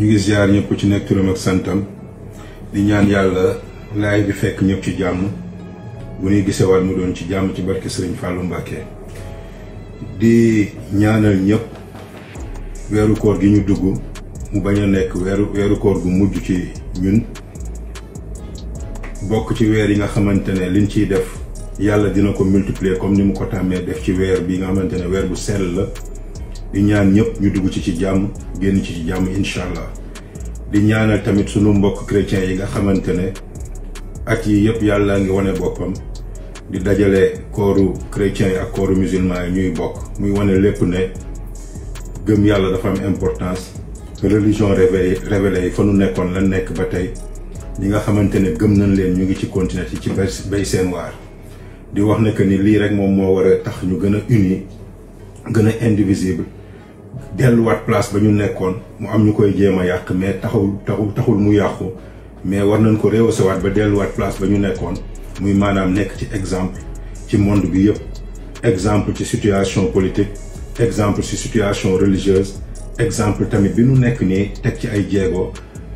ñu ngi ziar ñëpp ku ci nekk turam ak santam di ñaan yàlla laay bi fekk ñëpp ci jàmm bu ñuy gisewaat mu doon ci jàmm ci barke Sëriñ fàllu Mbacké di ñaanal ñëpp weeru koor gi ñu dugg mu bañ a nekk weeru weeru koor gu mujj ci ñun bokk ci weer yi nga xamante ne liñ ciy def yàlla dina ko multiplier comme ni mu ko tàmmee def ci weer bi nga xamante ne weer bu sell la di ñaan ñëpp ñu dugg ci ci jàmm génn ci ci jàmm incha allah di ñaana tamit sunu mbokk chrétiens yi nga xamante ne at yi yëpp yàlla ngi wane boppam di dajale kooru chrétiens yi ak kooru musulman yi ñuy bokk muy wane lépp ne gëm yàlla dafa am importance religion révélée révélée yi fa nu nekkoon lan nekk ba tey ñi nga xamante ne gëm nañ leen ñu ngi ci continuer ci ci bay seen waar di wax ne que ni lii rek moom moo war a tax ñu gën a uni gën a indivisible delluwaat place ba ñu nekkoon mu am ñu koy jéem a yàq mais taxul taxul taxul mu yàqu mais war nañ ko rehaussewaat ba delluwaat place ba ñu nekkoon muy maanaam nekk ci exemple ci monde bi yëpp exemple ci situation politique exemple ci situation religieuse exemple tamit bi nu nekk nii teg ci ay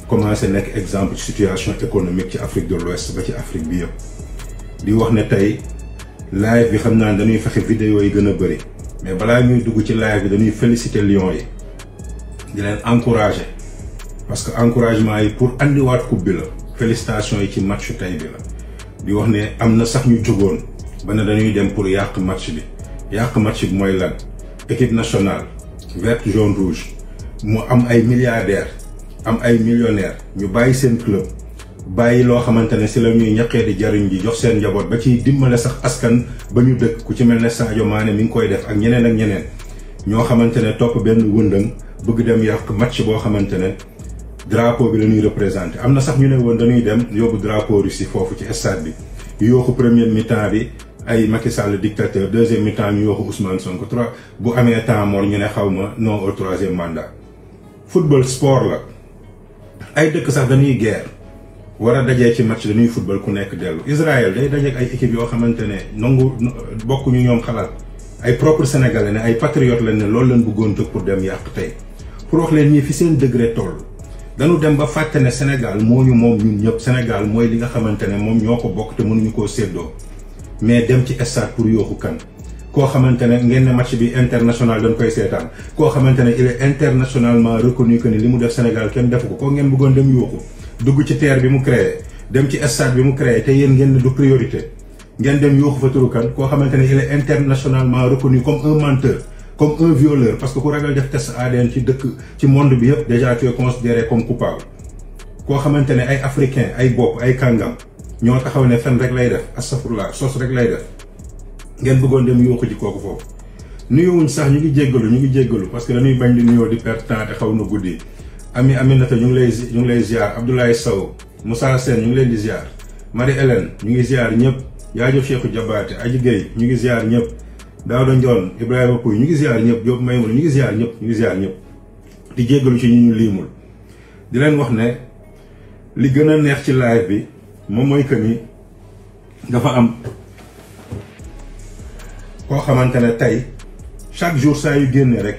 commencé nekk exemple ci situation économique ci Afrique de l'Ouest ba ci Afrique bi yëpp di wax ne tey live bi xam naa dañuy fexe vidéo yi gën a bëri mais balaa ñuy dugg ci live de dañuy féliciter Lions yi di encourager parce que encouragement yi pour andiwaat coupe bi la félicitations yi ci match tay bi la di wax ne à nous sax ñu jógoon ba ne dañuy dem pour yàq match bi yàq match bi mooy équipe nationale vert jaune rouge moi, am ay milliardaire, am ay millionnaire, ñu bàyyi seen club bàyyi loo xamante ne si la ñuy ñaqee di jariñ ji jox seen njaboot ba ci dimmale sax askan ba ñu dëkk ku ci mel ne Sadio maane mi ngi koy def ak ñeneen ak ñeneen ñoo xamante ne topp benn wëndëng bëgg dem yàq match boo xamante ne drapeau bi la ñuy représenté am na sax ñu ne woon dañuy dem yóbbu drapeau russi foofu ci stade bi yooxu première mi-temps bi ay Macky Sall dictateur deuxième mi yoo ñu yooxu Ousmane Sonko trois bu amee temps mort ñu ne xaw ma non au troisième mandat football sport la dëkk sax dañuy guerre war a dajee ci match dañuy football ku nekk dellu Israël day dajeek ay équipe yoo xamante ne nangu bokkuñu ñoom xalaat ay propre sénégalais ne ay patriotes lañ ne loolu lañ bëggoon tëg pour dem yàq tey pour wax leen ñii fi seen degré toll dañu dem ba fàtte ne Sénégal moom ñun ñëpp Sénégal mooy li nga xamante ne moom ñoo ko bokk te mënuñu koo séddoo mais dem ci stade pour yooxu kan koo xamante ne ngeen ne match bi international dañ koy seetaan koo xamante ne il est internationalement reconnu que ni li mu def Sénégal kenn ko ngeen bëggoon dem yooxu dugg ci terre bi mu créé dem ci stade bi mu créé te yéen ngeen du priorité ngeen dem yuuxu fa turu kan koo xamante ne il est internationalement reconnu comme un menteur comme un violeur parce que ku ragal def test ADN ci dëkk ci monde bi yëpp déjà tu es considéré comme coupable koo xamante ne ay africain ay bopp ay kàngam ñoo taxaw ne fen rek lay def astafurlah sos rek lay def ngeen bëggoon dem yuuxu ji kooku foofu nuyowuñ sax ñu ngi jéggalu ñu ngi jéggalu parce que dañuy bañ di nuyoo di perte temps te xaw na guddi Ami Aminata ñu ngi lay ñu ngi lay ziar Abdoulaye Sow Moussa Sen ñu ngi leen di ziar Marie Hélène ñu ngi ziar ñëpp Yaajëf Cheikhou Diabaté Aji Gueye ñu ngi ziar ñëpp Daouda Ndione Ibrahima Pouy ñu ngi ziar ñëpp Diop Maymoun ñu ngi ziar ñëpp ñu ngi ziar ñëpp di jéggalu ci ñu ñu liimul di leen wax ne li gën a neex ci live bi moom mooy que ni dafa am koo xamante ne tey chaque jour saa yu génne rek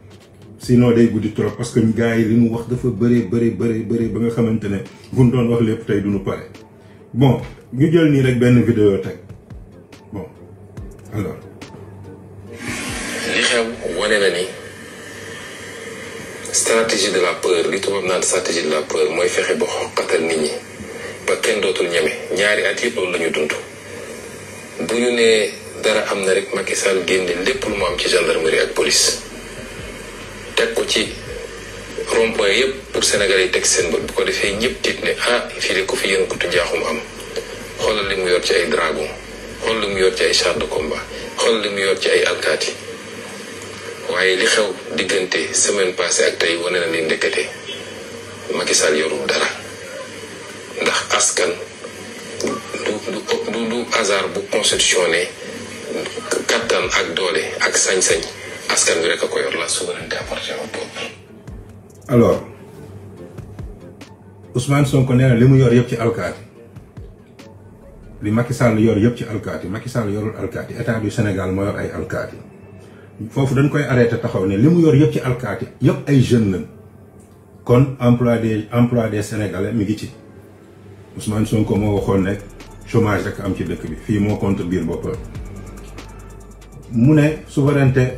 sinon day goudi trop parce que gars yi li wax dafa ba nga bu ñu wax bon ñu jël ni rek vidéo bon alors. li stratégie de la peur li stratégie de la peur mooy fexe ba xoqatal nit ñi ba kenn dootul ñeme ñaari at yëpp loolu la bu ñu nee dara rek lu am police. teg ko ci rond-point yëpp pour Sénégalais yi teg seen bët bu ko defee ñëpp tiit ne ah fii de ko fi yéen kutu njaaxum am xoolal li mu yor ci ay dragon xoolal li mu yor ci ay char de combat xoolal li ci ay alkaati waaye li xew diggante semaine passée ak tey wone na ni ndekete Macky Sall yorul dara ndax askan du du du hasard bu constitution ne kattan ak doole ak sañ-sañ. askan bi rek ko yor Sonko nee li mu yor yëpp ci alkaati li Macky Sall yor yëpp ci alkaati Macky Sall yorul alkaati état du Sénégal moo yor ay alkaati foofu dañ koy arrêté taxaw ne li mu yor yëpp ci alkaati yëpp ay jeunes lañ kon emploi des emploi des sénégalais mi ngi ci Ousmane Sonko moo waxoon ne chômage rek am ci dëkk bi fii moo contribuer boppam mu ne souveraineté.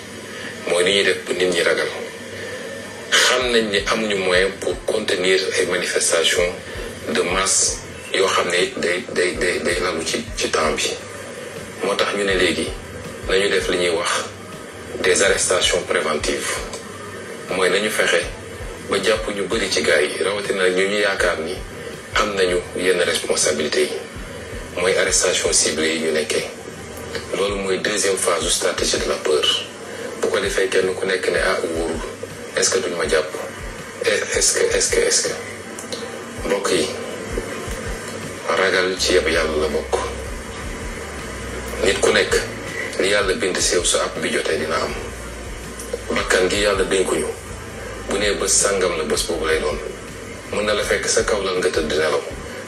moy ni def bu nit ñi ragal xam nañ ni amuñu moyen pour contenir ay manifestations de masse yoo xam ne day day day day lalu ci ci temps bi moo tax ñu ne léegi nañu def li ñuy wax des arrestations préventives mooy nañu fexe ba jàpp ñu bëri ci gars yi rawatina ñu ñu yaakaar ni am nañu yenn responsabilité yi mooy arrestation ciblée yi ñu nekkee loolu mooy deuxième phase stratégie de la peur bu ko defee kenn ku nekk ni ah wóorul est-ce que duñ ma jàpp est-ce que est-ce que est mbokk yi ragal ci yëpp yàlla la bokk nit ku nekk li yàlla bind sew su àpp bi jotee dina am bakkan gi yàlla dénkuñu bu nee bés sàngam la bës boobu lay doon mun na la fekk sa kaw lal nga tëdd nelaw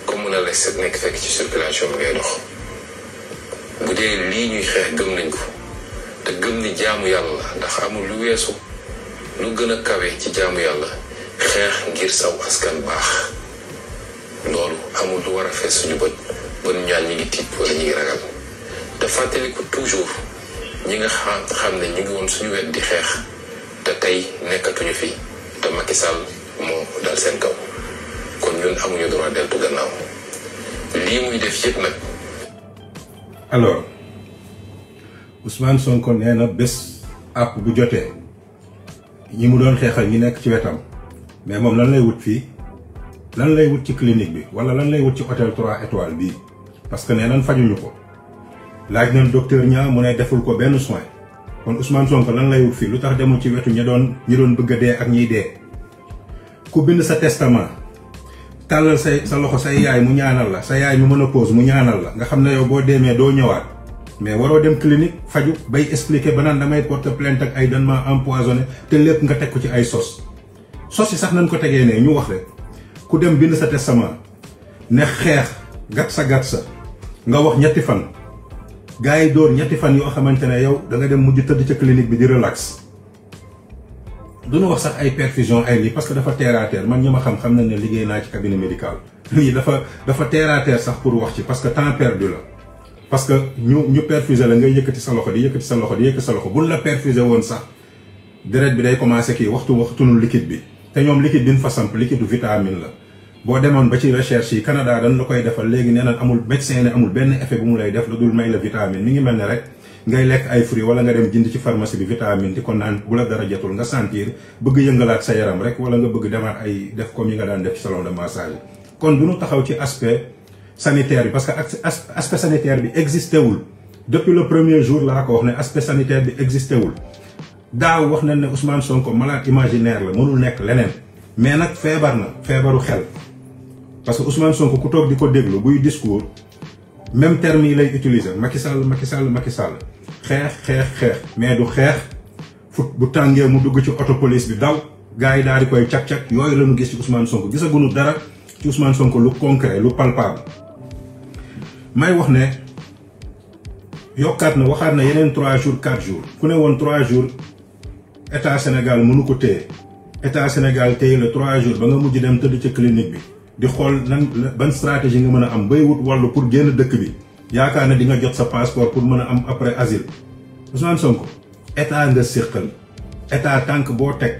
comme mun na la set nekk fekk ci circulation bi ngay dox bu dee lii ñuy xeex gëm nañ ko gëm ni jaamu yalla ndax amul lu wessu lu gëna kawé ci jaamu yalla xex ngir saw askan bax lolu amul lu wara fess fees suñu bon ñaan ñi ngi tipp wala ñi ngi ragal fatali ko toujours ñi nga xam ne ñi ngi won suñu wet di xeex da tey nekkatuñu fi da Macky Sall mo dal seen kaw kon ñun amuñu droit deltu gannaaw li muy def yépp nag alors Ousmane Sonko nee bes app bu joté ñi mu doon xéxal ñi nekk ci wétam mais mom lan lay wut fi lan lay wut ci clinique bi wala lan lay wut ci hôtel 3 étoiles bi parce que nee nan ñuko laaj nañ docteur ñaa mu né deful ko benn soin kon Ousmane Sonko lan lay wut fi lu tax demul ci wétu ñi doon ñi doon bëgg dé ak ñi dé ku bind sa testament talal say sa loxo say yaay mu ñaanal la sa yaay mu mëna pause mu ñaanal la nga xam yow bo démé do ñëwaat mais waro dem clinique faju bay expliquer banan damay porte plainte ak ay dan ma empoisonné te lepp nga tek ko ci ay sauce sauce yi sax nañ ko tégué né ñu wax rek ku dem bind sa testament né xex gat sa gat sa nga wax ñetti fan gaay door ñetti fan yo xamantene yow da nga dem mujj teud ci clinique bi di relax duñu wax sax ay perfusion ay li parce que dafa terre à terre man ñi xam xam nañ né liggéey na ci cabinet médical lii dafa dafa terre à terre sax pour wax ci parce que temps perdu la parce que ñu ñu perfuser la ngay yëkëti sa loxo di yëkëti sa loxo di yëkëti sa loxo buñ la perfuser won sax dérèt bi day commencer ki waxtu nu liquide bi té ñom liquide biñ fa sample liquide vitamine la bo démon ba ci recherche yi Canada dañ la koy défal légui néna amul médecin amul benn effet bu mu lay def lu may la vitamine mi ngi melni rek ngay lek ay fruits wala nga dem jindi ci pharmacie bi vitamine diko nan bu la dara jotul nga sentir bëgg yëngalaat sa yaram rek wala nga bëgg démar ay def comme yi nga daan def ci salon de massage kon du ñu taxaw ci aspect sanitaire parce que aspect sanitaire bi existé wul depuis le premier jour la ko wax aspect sanitaire bi existé wul daaw wax nañ ne Ousmane Sonko malade imaginaire la mënul nek lenen mais nak fièvre na feebaru xel parce que Ousmane Sonko ku tok diko ko buy discours même terme il est utiliser Macky Sall Macky Sall Macky Sall xex xex xex mais du xex faut bu tàngee mu dugg ci autopolice police bi daw gaay yi daal di koy tiak tiak yooyu la ñu gis ci Ousmane Sonko gisaguñu dara ci Ousmane Sonko lu concret lu palpable may wax ne yokkaat na waxaat na yeneen trois jours quatre jours ku ne woon trois jours état Sénégal mënu ko téye état Sénégal téye la trois jours ba nga mujj dem tëdd ca clinique bi di xool nan ban stratégie nga mën a am bay wut wàllu pour génn dëkk bi yaakaar ne di nga jot sa passeport pour mën a am après asile Ousmane Sonko état nga séqal état tànk boo teg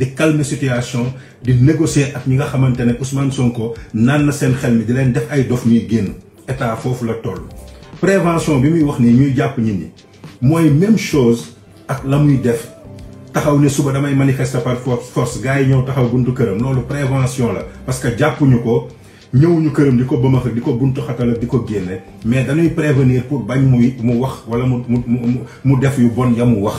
di calmer situation de négocier ak ñi nga xamante Ousmane Sonko naan na seen xel mi di leen def ay dof ñuy génn état foofu la toll. prévention bi muy wax nii ñuy jàpp nit ñi même chose ak la muy def taxaw ne suba damay manifester par force gars yi ñëw taxaw buntu kërëm lolu prévention la parce que jappu ñuko ñëwuñu ñu kërëm diko bama ak di buntu xatal diko di mais dañuy prévenir pour bañ muy mu wax wala mu mu mu def yu bon ya mu wax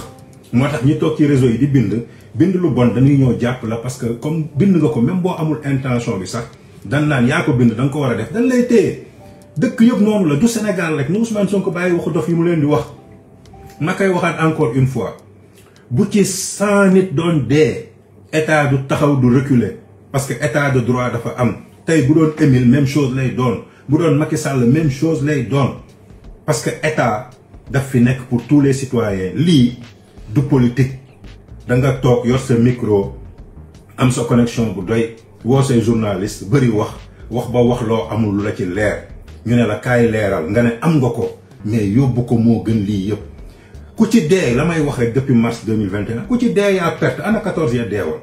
moi tax ñi toog ci réseau yi di bind bind lu bon dañuy ñëw japp la parce que comme bind nga ko même boo amul intention bi sax dan naan yaa ko bind da nga ko war a def dañ lay téye dëkk yëpp noonu la du Sénégal rek ni Ousmane Sonko bàyyi waxu dof yi mu leen di wax ma koy waxaat encore une fois bu ci cent nit doon dee état du taxaw du reculer parce que état de droit dafa am tey bu doon Emile même chose lay doon bu doon Macky Sall même chose lay doon parce que état daf fi nekk pour tous les citoyens lii du politique da nga toog yor ce micro am sa connexion bu doy woo say journaliste bëri wax wax ba wax loo amul lu la ci leer ñu ne la kaay leeral nga ne am nga ko mais yo ko mo gën li yëpp ku ci dee la may wax rek depuis mars 2021 ku ci dee yaa perte ana 14 ya deewoon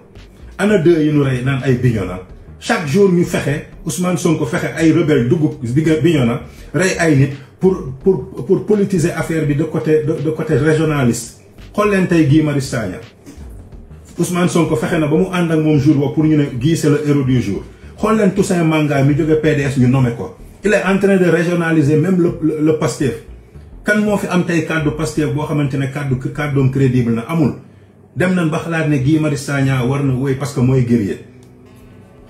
ana 2 yi ñu rey nan ay Bignona chaque jour ñu fexé Ousmane Sonko fexé ay rebelle dugg Bignona ray ay nit pour pour pour politiser affaire bi de côté de côté régionaliste xool leen tey Guy Marius Sagna Ousmane Sonko fexe na ba mu ànd ak moom jour ba pour ñu ne Guy c'est le héros du jour xool leen Toussaint Manga mi jóge PDS ñu nommé ko il est en train de régionaliser même le le Pastef kan moo fi am tey kàddu pasteur boo xamante ne kàddu kàddoom crédible na amul dem nañ ba xalaat ne Guy Marius Sagna war na woy parce que mooy guerrier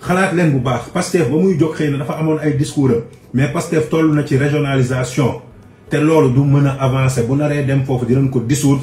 xalaat leen bu baax pasteur ba muy jóg xëy na dafa amoon ay discours am mais pasteur toll na ci régionalisation te loolu du mën a avancer bu naree dem foofu dinañ ko dissoudre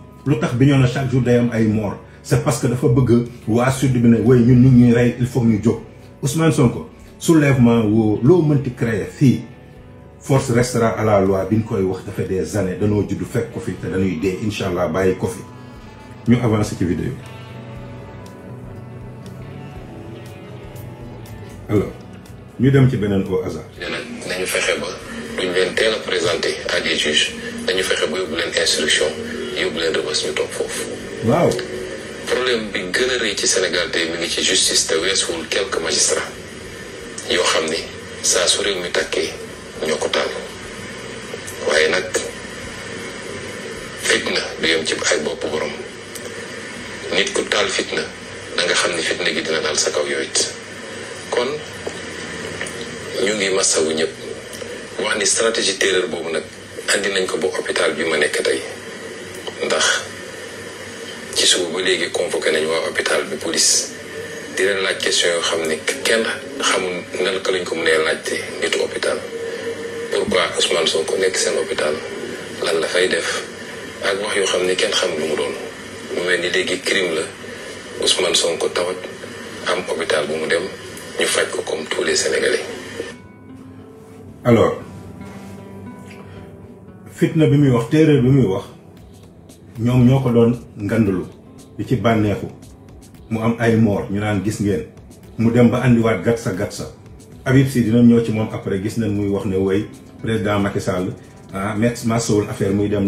lu tax chaque jour day am ay mort c'est parce que dafa bëgg wa sud bi ne waaye ñun nit ñuy ray il faut ñu jóg Ousmane Sonko soulèvement lo loo mënti créer force restera à la loi bi koy wax dafa des années danoo judd fekk ko fi té dañuy dé inshallah baye ko fi ñu avancer ci vidéo alors ñu dem ci benen au hasard. dañu fexé ba duñ leen teel présenter à des juges dañu fexé ba yóbbu leen instruction. yóbbu leen rëbës ñu toog foofu. waaw. problème bi gën a rëy ci Sénégal tey mi ngi ci justice te weesuwul quelques magistrats yoo xam ni saa su réew mi takkee ñoo ko taal waaye nag fitna du yem ci ay bopp borom nit ku taal fitna da nga xam ni fitna gi dina daal sa kaw yow kon ñu ngi masawu ñëpp wax ni stratégie terreur boobu nag andi nañ ko ba hôpital bi ma nekk tey. ndax ci suba ba léegi convoqué nañu waa hôpital bi police di leen laaj question yoo xam ne kenn xamul naka lañ ko mënee laajte nitu hôpital pourquoi Ousmane ko nekk seen hôpital lan la fay def ak wax yoo xam ne kenn xamul lu mu doon mu mel ni léegi crime la Ousmane Sonko tawat am hôpital bu mu dem ñu faj ko comme tous les Sénégalais. alors fitna bi muy wax téere bi muy wax. ñom ñoko ko doon ci banexu mu am ay mort ñu naan gis ngeen mu dem ba andi gatsa gatsa Habib ci après président Macky Sall ah, met affaire muy dem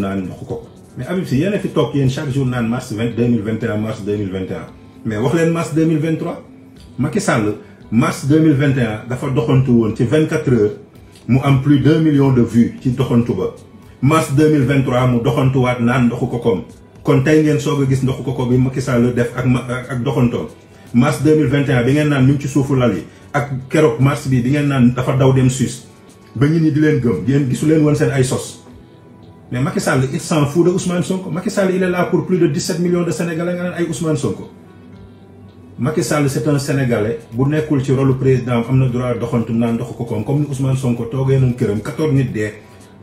mais Sy fi chaque jour mars 2021. deux mars 2021. mais mars 2023, Sall mars deux plus 2 millions de vues ci doxantu mars 2023 mu doxantuwaat naan ndoxu kokoom kon tey ngeen soog a gis ndoxu kokoom bi Macky Sall def ak ak doxantoom mars 2021 bi ngeen naan ñu ci suufu lal yi ak keroog mars bi bi ngeen naan dafa daw dem Suisse ba nit ñi di leen gëm yéen gisu leen woon seen ay sos mais Macky Sall il s'en fout de Ousmane Sonko Macky Sall il est là pour plus de 17 millions de sénégalais nga ay Ousmane Sonko. Macky Sall c'est un bu nekkul ci rôle président am na droit doxantu naan ndoxu kokoom comme ni Ousmane Sonko toogee nañ këram 14 nit dee.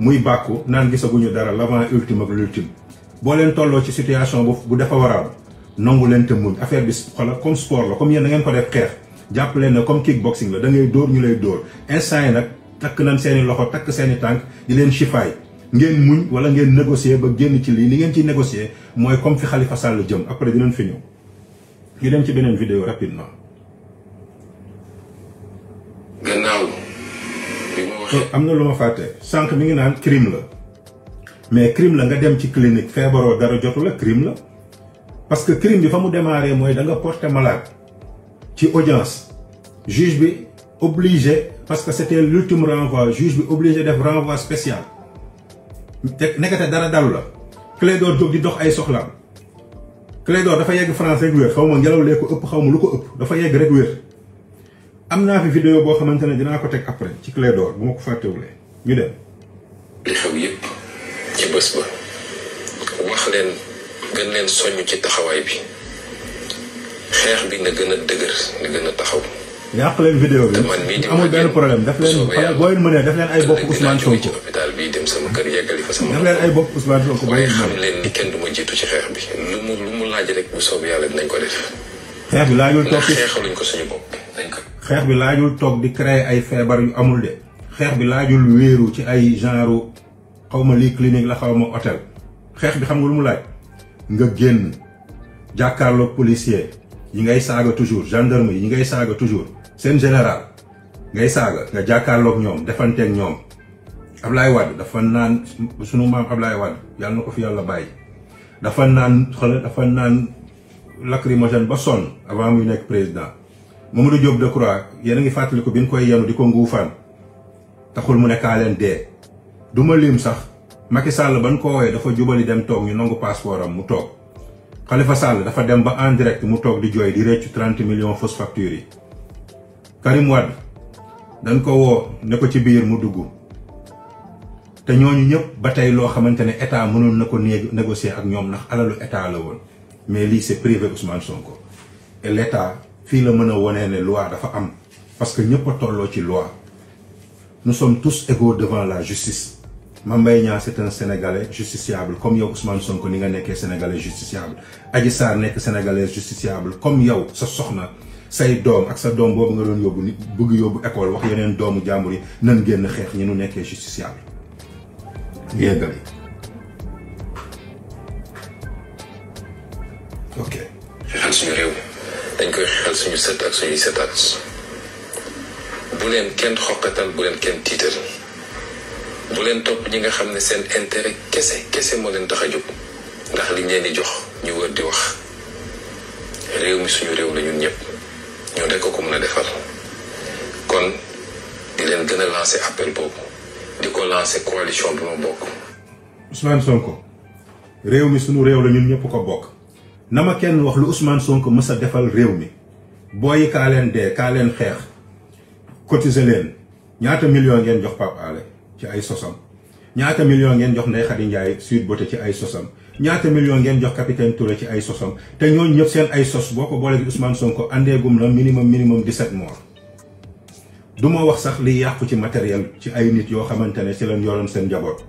muy bàkku naan gisaguñu dara l'avant ultime ak l'ultime boo leen tolloo ci situation bu bu dafa waraaw nangu leen te muñ affaire bi xoolal comme sport la comme yéen da ngeen ko def xeex jàpp leen ne comme kickboxing la da ngay dóor ñu lay dóor instant yi takk nañ seen loxo takk seen i tànk di leen chifaay ngeen muñ wala ngeen négocier ba génn ci lii li ngeen ciy négocier mooy comme fi Khalifa Sall jëm après dinañ fi ñëw ñu dem ci beneen vidéo rapidement Eh, am na lu ma fàtte mi ngi nan crime la mais crime la nga dem ci clinique feebaroo dara jotu la crime la parce que crime bi famu mu démarré mooy da nga porter malade ci audience juge bi obligé parce que c'était l'ultime renvoi juge bi obligé def renvoi spécial nekata dara dalu la Clédor jóg di dox ay soxlaam Clédor dafa yegg français rek wér xaw ngelaw lee ko ëpp xawma luko lu ko ëpp dafa yegg rek wër am naa fi vidéo boo xamante ne dinaa ko teg après ci clé d'or bu ma ko fàttewulee ñu dem. li xew yépp ci bés ba wax leen gën leen soññ ci taxawaay bi xeex bi na gën a dëgër na gën a taxaw. yàq leen vidéo bi amul benn problème daf leen boo leen mënee daf leen ay bopp Ousmane Sonko. hôpital bi dem sama kër yeggali fa sama. daf leen ay bopp Ousmane Sonko waaye xam leen ni kenn du ma jiitu ci xeex bi lu mu lu mu laaj rek bu soobee yàlla dinañ ko def. xeex bi laajul toog xeexaluñ ko suñu bopp dañ ko. xeex bi laajul toog di créer ay feebar yu amul de xeex bi laajul wéeru ci ay genre xawma ma lii clinique la xaw ma hôtel xeex bi xam nga lu mu laaj nga génn jàkkaarloog policier yi ngay saaga toujours gendarme yi ngay saaga toujours seen général ngay saaga nga jàkkaarlook ñoom defanteeg ñoom Ablaye Wade dafa naan sunu maam ab laay Wade yàlla na ko fi yàlla bàyyi dafa naan xoolal dafa naan lacrymogène ba sonn avant muy nekk président Mamadou Diop de croix a ngi fàttaliku bi ñu koy yanu diko ngoufal taxul mu nek alen de duma lim sax Macky Sall ban ko woy dafa jubali dem tok ñu nangu passeportam mu tok Khalifa Sall dafa dem ba en direct mu tok di joy di reccu 30 millions fausse facture yi Karim wad, dañ ko wo ne ko ci biir mu duggu te ñooñu ñep batay lo xamantene état mënul na négocier ak ñom nak alalu état la won mais li c'est privé Ousmane Sonko et l'état fii la a wonee loi parce que ñëpp a loi nous sommes tous égaux devant la justice Mame Mbaye c'est un sénégalais justiciable comme yow Ousmane Sonko ni nga un sénégalais justiciable Adji Sarr un Sénégalais justiciable comme yow sa soxna say doom ak sa dom boobu nga doon yóbbu nit bëgg yóbbu école wax yeneen domu jàmbur yi nan génn xeex ñi justiciable Bien, gali. ok Je vais continuer. dañ koy xel suñu set ak suñuy setaat bu leen kenn xoqatal bu leen kenn tiital bu leen topp ñi nga xam ne seen intérêt kese kese moo leen tax a jóg ndax liñ leen di jox ñu wër di wax réew mi suñu réew la ñun kon di leen gën a lancé appel boobu di ko lancé coalition bi ma bokk Ousmane Sonko réew mi suñu réew la ñun na ma kenn wax lu Ousmane Sonko mës a defal réew mi booyi kaa leen dee kaa xeex cotiser leen ñaata million ngeen jox Pape Alé ci ay sosam ñaata million ngeen jox Ndeye Khady Ndiaye Sweet Beauté ci ay sosam ñaata million ngeen jox capitaine Touré ci ay sosam te ñooñu ñëpp seen ay sos boo ko booleeg Ousmane Sonko àndeegum na minimum minimum 17 morts du ma wax sax li yàqu ci matériel ci ay nit yoo xamante ne ci leen yoroon seen njaboot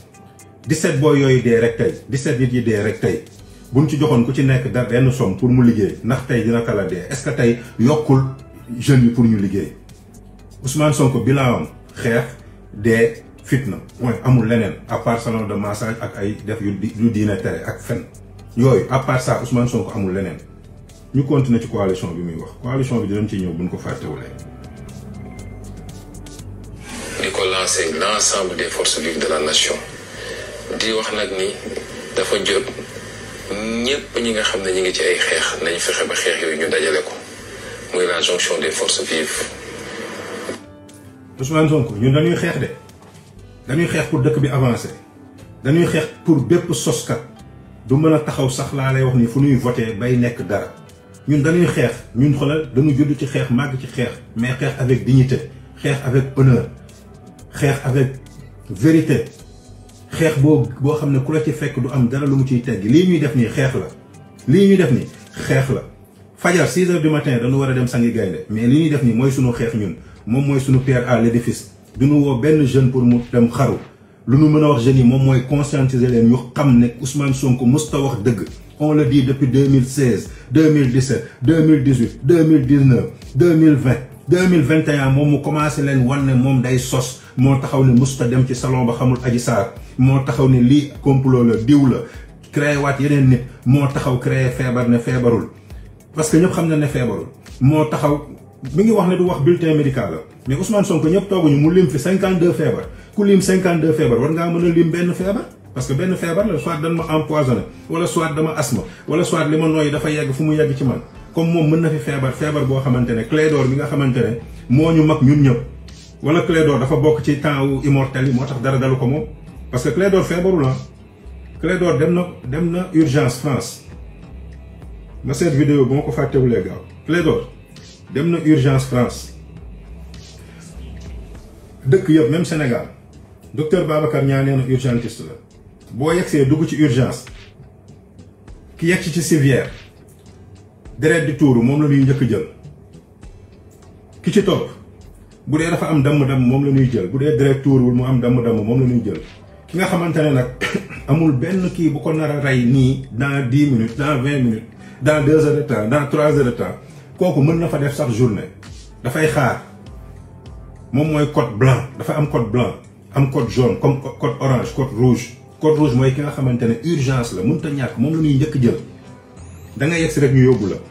17 boo yooyu dee rek tey 17 nit yi dee rek tey bu buñ ci joxoon ku ci nekk da benn somme pour mu liggéey ndax tey dina kala dee est-ce que tey yokkul jeunes yi pour ñu liggéey Ousmane Sonko bilan am xeex dee fitna point amul leneen à part salon de massage ak ay def yu yu diine tere ak fen yooyu à part ça Ousmane Sonko amul leneen ñu continuer ci coalition bi muy wax coalition bi dinañ ci ñëw buñ ko fàttewulee. di ko lancer l'ensemble des forces vives de la nation. di wax nag ni dafa jot ñëpp ñi nga xam ne ñu ngi ci ay xeex nañ fexe ba xeex yooyu ñu dajale ko muy la jonction des forces vives. Ousmane Sonko ñun dañuy xeex de dañuy xeex pour dëkk bi avancé dañuy xeex pour bépp soskat du mën a taxaw sax laa lay wax ni fu ñuy voté bay nekk dara ñun dañuy xeex ñun xoolal dañu judd ci xeex màgg ci xeex mais xeex avec dignité xeex avec honneur xeex avec vérité. xeex boobu boo xam ne ku la ci fekk du am dara lu mu ciy tegg lii ñuy def nii xeex la lii ñuy def nii xeex la fajar 6 heures du matin dañu war a dem sangi gaynde mais li ñuy def nii mooy sunu xeex ñun moom mooy sunu père à l'édifice duñu woo benn jeune pour mu dem xaru lu nu mën a wax jeunes yi moom mooy conscientiser leen ñu xam ne Ousmane Sonko musta wax dëgg on le dit depuis 2016 2017 2018 2019 2020 2021 moom mu commencé len wan ne moom day sos moo taxaw ni musta dem ci salon ba xamul Adji Sarr moo taxaw ni li complot la diw la créé waat yeneen nit moo taxaw créé feebar ne feebarul parce que ñëpp xam na ne feebarul moo taxaw mi ngi wax ne du wax bulletin médical la mais Ousmane Sonko ñëpp tooguñu mu lim fi 52 feebar ku lim 52 feebar war ngaa mën a lim benn feebar parce que benn feebar la soit dañ ma empoisonné wala soit dama asthme wala soit li ma nooy dafa yegg fu mu yegg ci man comme moom mën na fi feebar feebar boo xamante ne d'or bi nga xamante ne moo ñu mag ñun ñëpp wala d'or dafa bokk ci temps wu immortel yi moo tax dara dalu ko moom parce que d'or feebaru la d'or dem na dem na urgence France ma seet vidéo bu ma ko fàttewulee gaaw d'or dem na urgence France dëkk yëpp même Sénégal docteur Babacar ñaa nee na urgentiste la boo dugg ci urgence ki yegg ci ci civière deret di tuuru mom la ñuy ñëk jël ki ci top bu dé dafa am dam dam mom la ñuy jël bu dee deret tuuruwul mu am dam dam mom la ñuy jël ki nga xamantene nak amul benn ki bu ko nara ray ni dans 10 minutes dans 20 minutes dans 2 heures de temps dans 3 heures de temps koku mën na fa def sax journée da fay xaar mom moy code blanc dafa am code blanc am code jaune comme code orange code rouge code rouge moy ki nga xamantene urgence la mën ta ñak mom la ñuy ñëk jël da nga yex rek ñu yobul la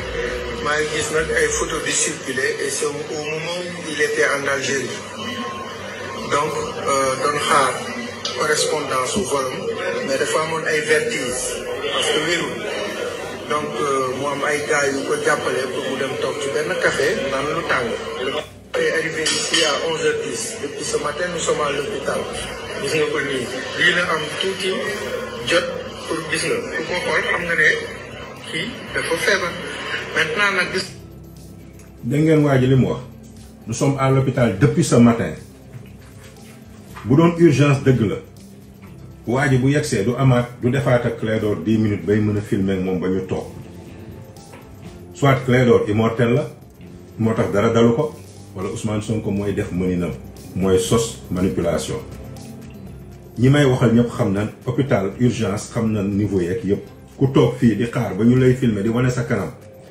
maa ngi a une et c'est au moment où il était en Algérie donc euh, dans le correspondance au volume, mais fois, ay parce que donc euh, moi, am ay gars pour que café arrivé ici à 11h10 depuis ce matin nous sommes à l'hôpital Nous sommes pour maintenant nag gis. dengen waji limu wax nous sommes à l'hôpital depuis ce matin bu doon urgence deug la waji bu yexé du amaat du defaat ak dor, dix minutes bay meuna filmer mom moom ba ñu toog soit immortel la motax dara daluko wala Ousmane Sonko moy def mëninam moy sos manipulation ñi may waxal ñep xam na hôpital urgence xam na niveau yek yep ku toog fi di xaar ba ñu lay filmer di wane sa kanam.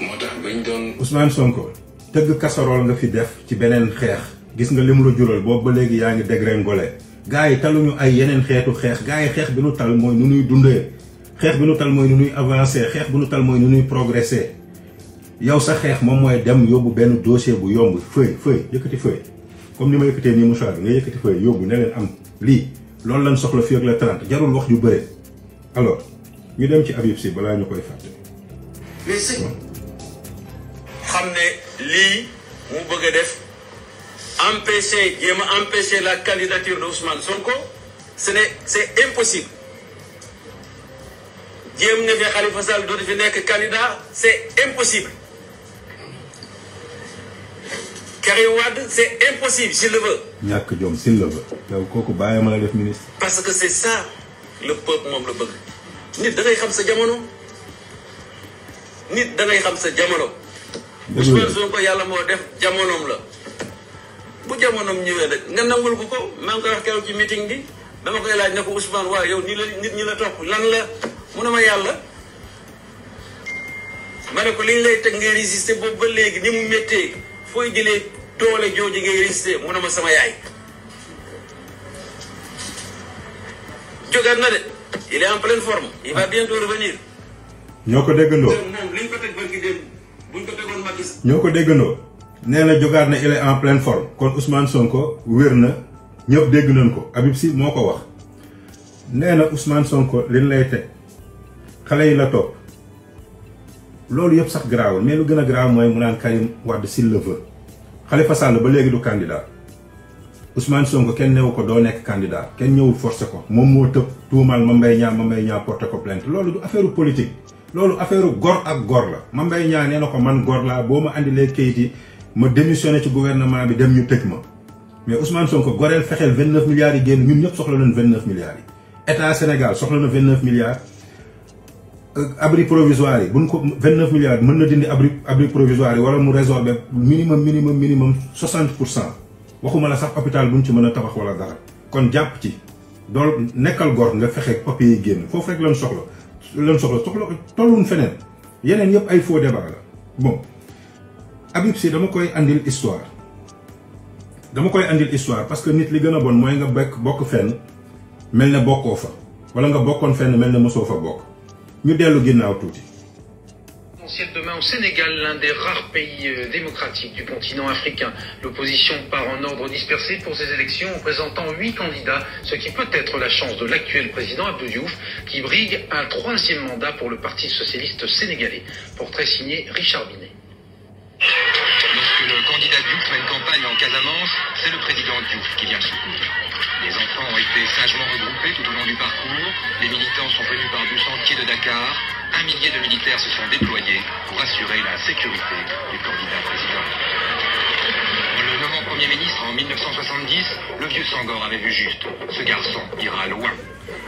moo tax bañ doon. Ousmane Sonko tëgg casserole nga fi def ci beneen xeex. gis nga lim lu jural boobu ba léegi yaa ngi dégringolé. gars yi ñu ay yeneen xeetu xeex gaa yi xeex bi nu tal mooy nu nuy dundee xeex bi nu tal mooy nu nuy avancé xeex bi nu tal mooy nu nuy progressé yow sa xeex moom mooy dem yóbbu benn dossier bu yomb feuille feuille yëkkati feuille comme ni ma yëkkatee nii mouchoir bi nga yëkkati feuille yóbbu ne am lii loolu lañ soxla fii ak le 30 jarul bëre alors ñu dem ci Habib balaa ñu koy fàtte. ne li mu bëgg def empêcher jéem empêcher la candidature de Ousmane Sonko ce n'est c'est impossible jéem ne fi Khalifa Sall do fi nekk candidat c'est impossible Karim Wade c'est impossible s'il le veut. ñàkk jom s'il le veut. taw koku bàyyi la def ministre. parce que c'est ça le peuple moom le bëgg nit da ngay xam sa jamono nit da ngay xam sa jamono. Ousmane Sonko yàlla moo def jamonoom la bu jamonoom ñëwee rek nga nangul ko ko maa ngi koy wax ci meeting bi dama koy laaj ne ko Ousmane waaw yow nii la nit ñi la topp lan la mu ne ma yàlla ma ne ko liñ lay teg ngay résister boobu ba léegi ni mu méttee fooy jëlee doole jooju ngay résister mu ne ma sama yaay jógaat na de il est en pleine forme il va bientôt revenir ñoo ko déggandoo buñ ko ñoo ko déggandoo nee na jogaat na il en pleine forme kon Ousmane Sonko wér na ñëpp dégg nañ ko Habib Sy moo ko wax nee na Ousmane Sonko liñ lay teg xale yi la topp loolu yëpp sax garaawul mais lu gën a garaaw mooy mu naan Karim Wade s'il le veut Khalifa Sall ba léegi du candidat Ousmane Sonko kenn newu ko doo nekk candidat kenn ñëwul force ko moom moo tëb tuumaal ma mbay ñaa ma mbay ñaa porté ko plainte loolu du affaire politique loolu affaire gor ak gor la ma mbay ñaa nee man gor la boo ma andilee kayit ma démissioné ci gouvernement bi dem ñu tëj ma mais Ousmane Sonko gorel fexel 29 milliards yi génn ñun ñep soxla nañ 29 milliards yi état Sénégal soxla na 29 milliards euh, abri provisoire yi buñ ko 29 milliards mën na dindi abri abri provisoire yi wala mu résorber minimum minimum minimum 60% waxuma la sax hôpital buñ ci mën a tabax wala dara kon jàpp ci dool nekkal gor nga fexe papier yi génn foofu rek lañ soxla leen soxla soxla tolluñ feneen yeneen yëpp ay foo débat la bon Habib Sy dama koy andil histoire dama koy andil histoire parce que nit li gën a bon mooy nga bekk bokk fenn mel ne bokkoo fa wala nga bokkoon fenn mel ne mosoo fa bokk ñu dellu ginnaaw tuuti présidentielle demain au Sénégal, l'un des rares pays euh, démocratiques du continent africain. L'opposition part en ordre dispersé pour ces élections en présentant huit candidats, ce qui peut être la chance de l'actuel président Abdou Diouf, qui brigue un troisième mandat pour le Parti socialiste sénégalais. Portrait signé Richard Binet. Lorsque le candidat Diouf une campagne en Casamance, c'est le président Diouf qui vient soutenir. Les enfants ont été sagement regroupés tout au long du parcours. Les militants sont venus par du sentier de Dakar un millier de militaires se sont déployés pour assurer la sécurité du candidat président. Le nommant Premier ministre en 1970, le vieux Sangor avait vu juste. Ce garçon ira loin.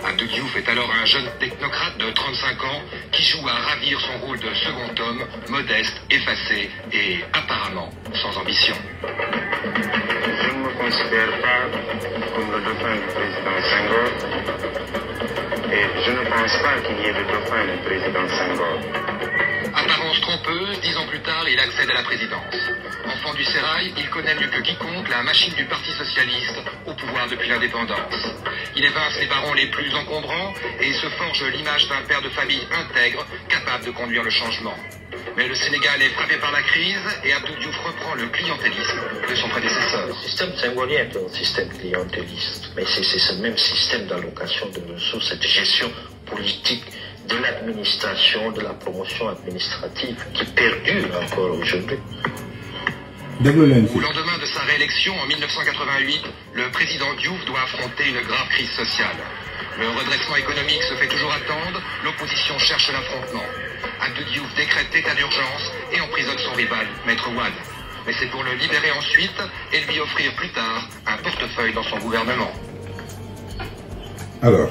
Abdou Diouf est alors un jeune technocrate de 35 ans qui joue à ravir son rôle de second homme, modeste, effacé et apparemment sans ambition. Je ne me considère pas comme le dauphin du président Sangor. Et je ne pense pas qu'il y ait de Président Senghor peu, dix ans plus tard, il accède à la présidence. Enfant du sérail, il connaît mieux que quiconque la machine du Parti socialiste au pouvoir depuis l'indépendance. Il évince les barons les plus encombrants et se forge l'image d'un père de famille intègre, capable de conduire le changement. Mais le Sénégal est frappé par la crise et Abdou Diouf reprend le clientélisme de son prédécesseur. Le système un système clientéliste, mais c'est ce même système d'allocation de ressources, cette gestion politique de l'administration, de la promotion administrative qui perdure encore aujourd'hui. Au lendemain de sa réélection en 1988, le président Diouf doit affronter une grave crise sociale. Le redressement économique se fait toujours attendre, l'opposition cherche l'affrontement. Abdou Diouf décrète état d'urgence et emprisonne son rival, Maître Ouad. Mais c'est pour le libérer ensuite et lui offrir plus tard un portefeuille dans son gouvernement. Alors,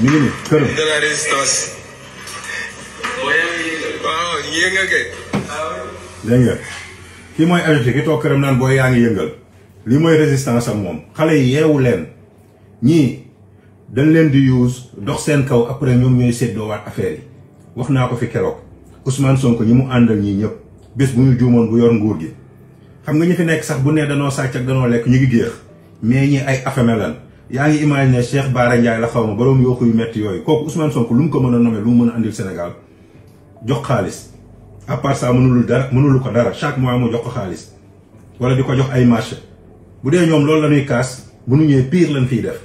mi ngi nii këram. de la résistance. mooy ajouté ki këram naan booy yaa ngi yëngal lii mooy résistance am moom xale yi yeewu leen ñii dañ leen di use dox seen kaw après ñoom ñooy séddoowaat affaire yi wax naa ko fi keroog Ousmane Sonko ñi mu àndal ñii ñëpp bés bu ñu juumoon bu yor nguur gi xam nga ñu fi nekk sax bu ne danoo sàcc ak danoo lekk ñu ngi géex mais ñi ay affame yaa ngi imaginer Cheikh Bara Ndiaye la xawma borom yooku yu metti yoy kooku Ousmane Sonko lu ko mën nomé lu mu andil Sénégal jox xaalis à part ça mënulu dara mënulu ko dara chaque mois mu jox ko xaalis wala diko jox ay marché bu dee ñoom loolu la ñuy kaas bu nu ñëwee pire lañ fiy def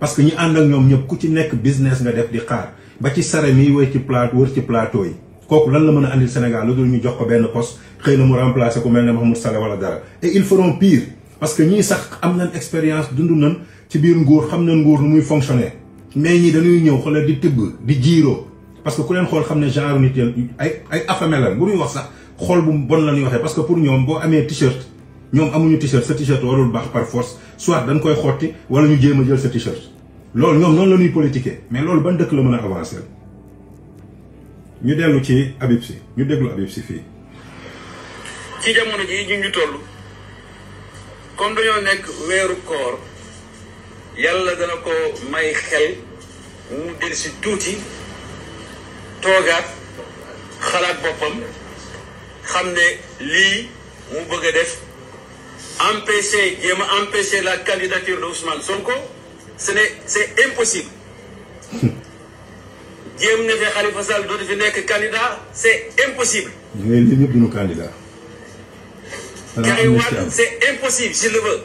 parce que ñi ànd ak ñoom ñëpp ku ci nekk business nga def di xaar ba ci sare mi wër ci plateau wër ci plateau yi kooku lan la mën a andil Sénégal lu dul ñu jox ko benn poste xëy na mu remplacer ku mel ne Mahmoud Saleh wala dara et ils feront pire parce que ñii sax am nañ expérience dund nañ ci biir nguur xam na nguur nu muy fonctionner mais ñi dañuy ñëw xoolal di tibb di jiiroo parce que ku leen xool xam ne genre nit ay ay affamé la bu ñuy wax sax xol bu bon la ñuy waxee parce que pour ñoom boo amee t-shirt ñoom amuñu t-shirt sa t-shirt warul baax par force soit dañ koy xotti wala ñu jéem a jël sa t-shirt loolu ñoom noonu la ñuy politiquer mais loolu ban dëkk la mën a avancer ñu dellu ci Habib Sy ñu déglu Habib Sy fii. ci jamono jii ñu ñu toll comme dañoo nekk weeru koor yàlla dana ko may xel mu de si tuuti toogaat xalaat boppam xam ne lii mu bëgg a def empêcher jéem a empêcher la candidature de Ousmane Sonko ce n'est c'est impossible jéem ne fi Khalifa Sall dootu fi nekk candidat c'est impossible Je ne ñëpp candidat c'est impossible je le veut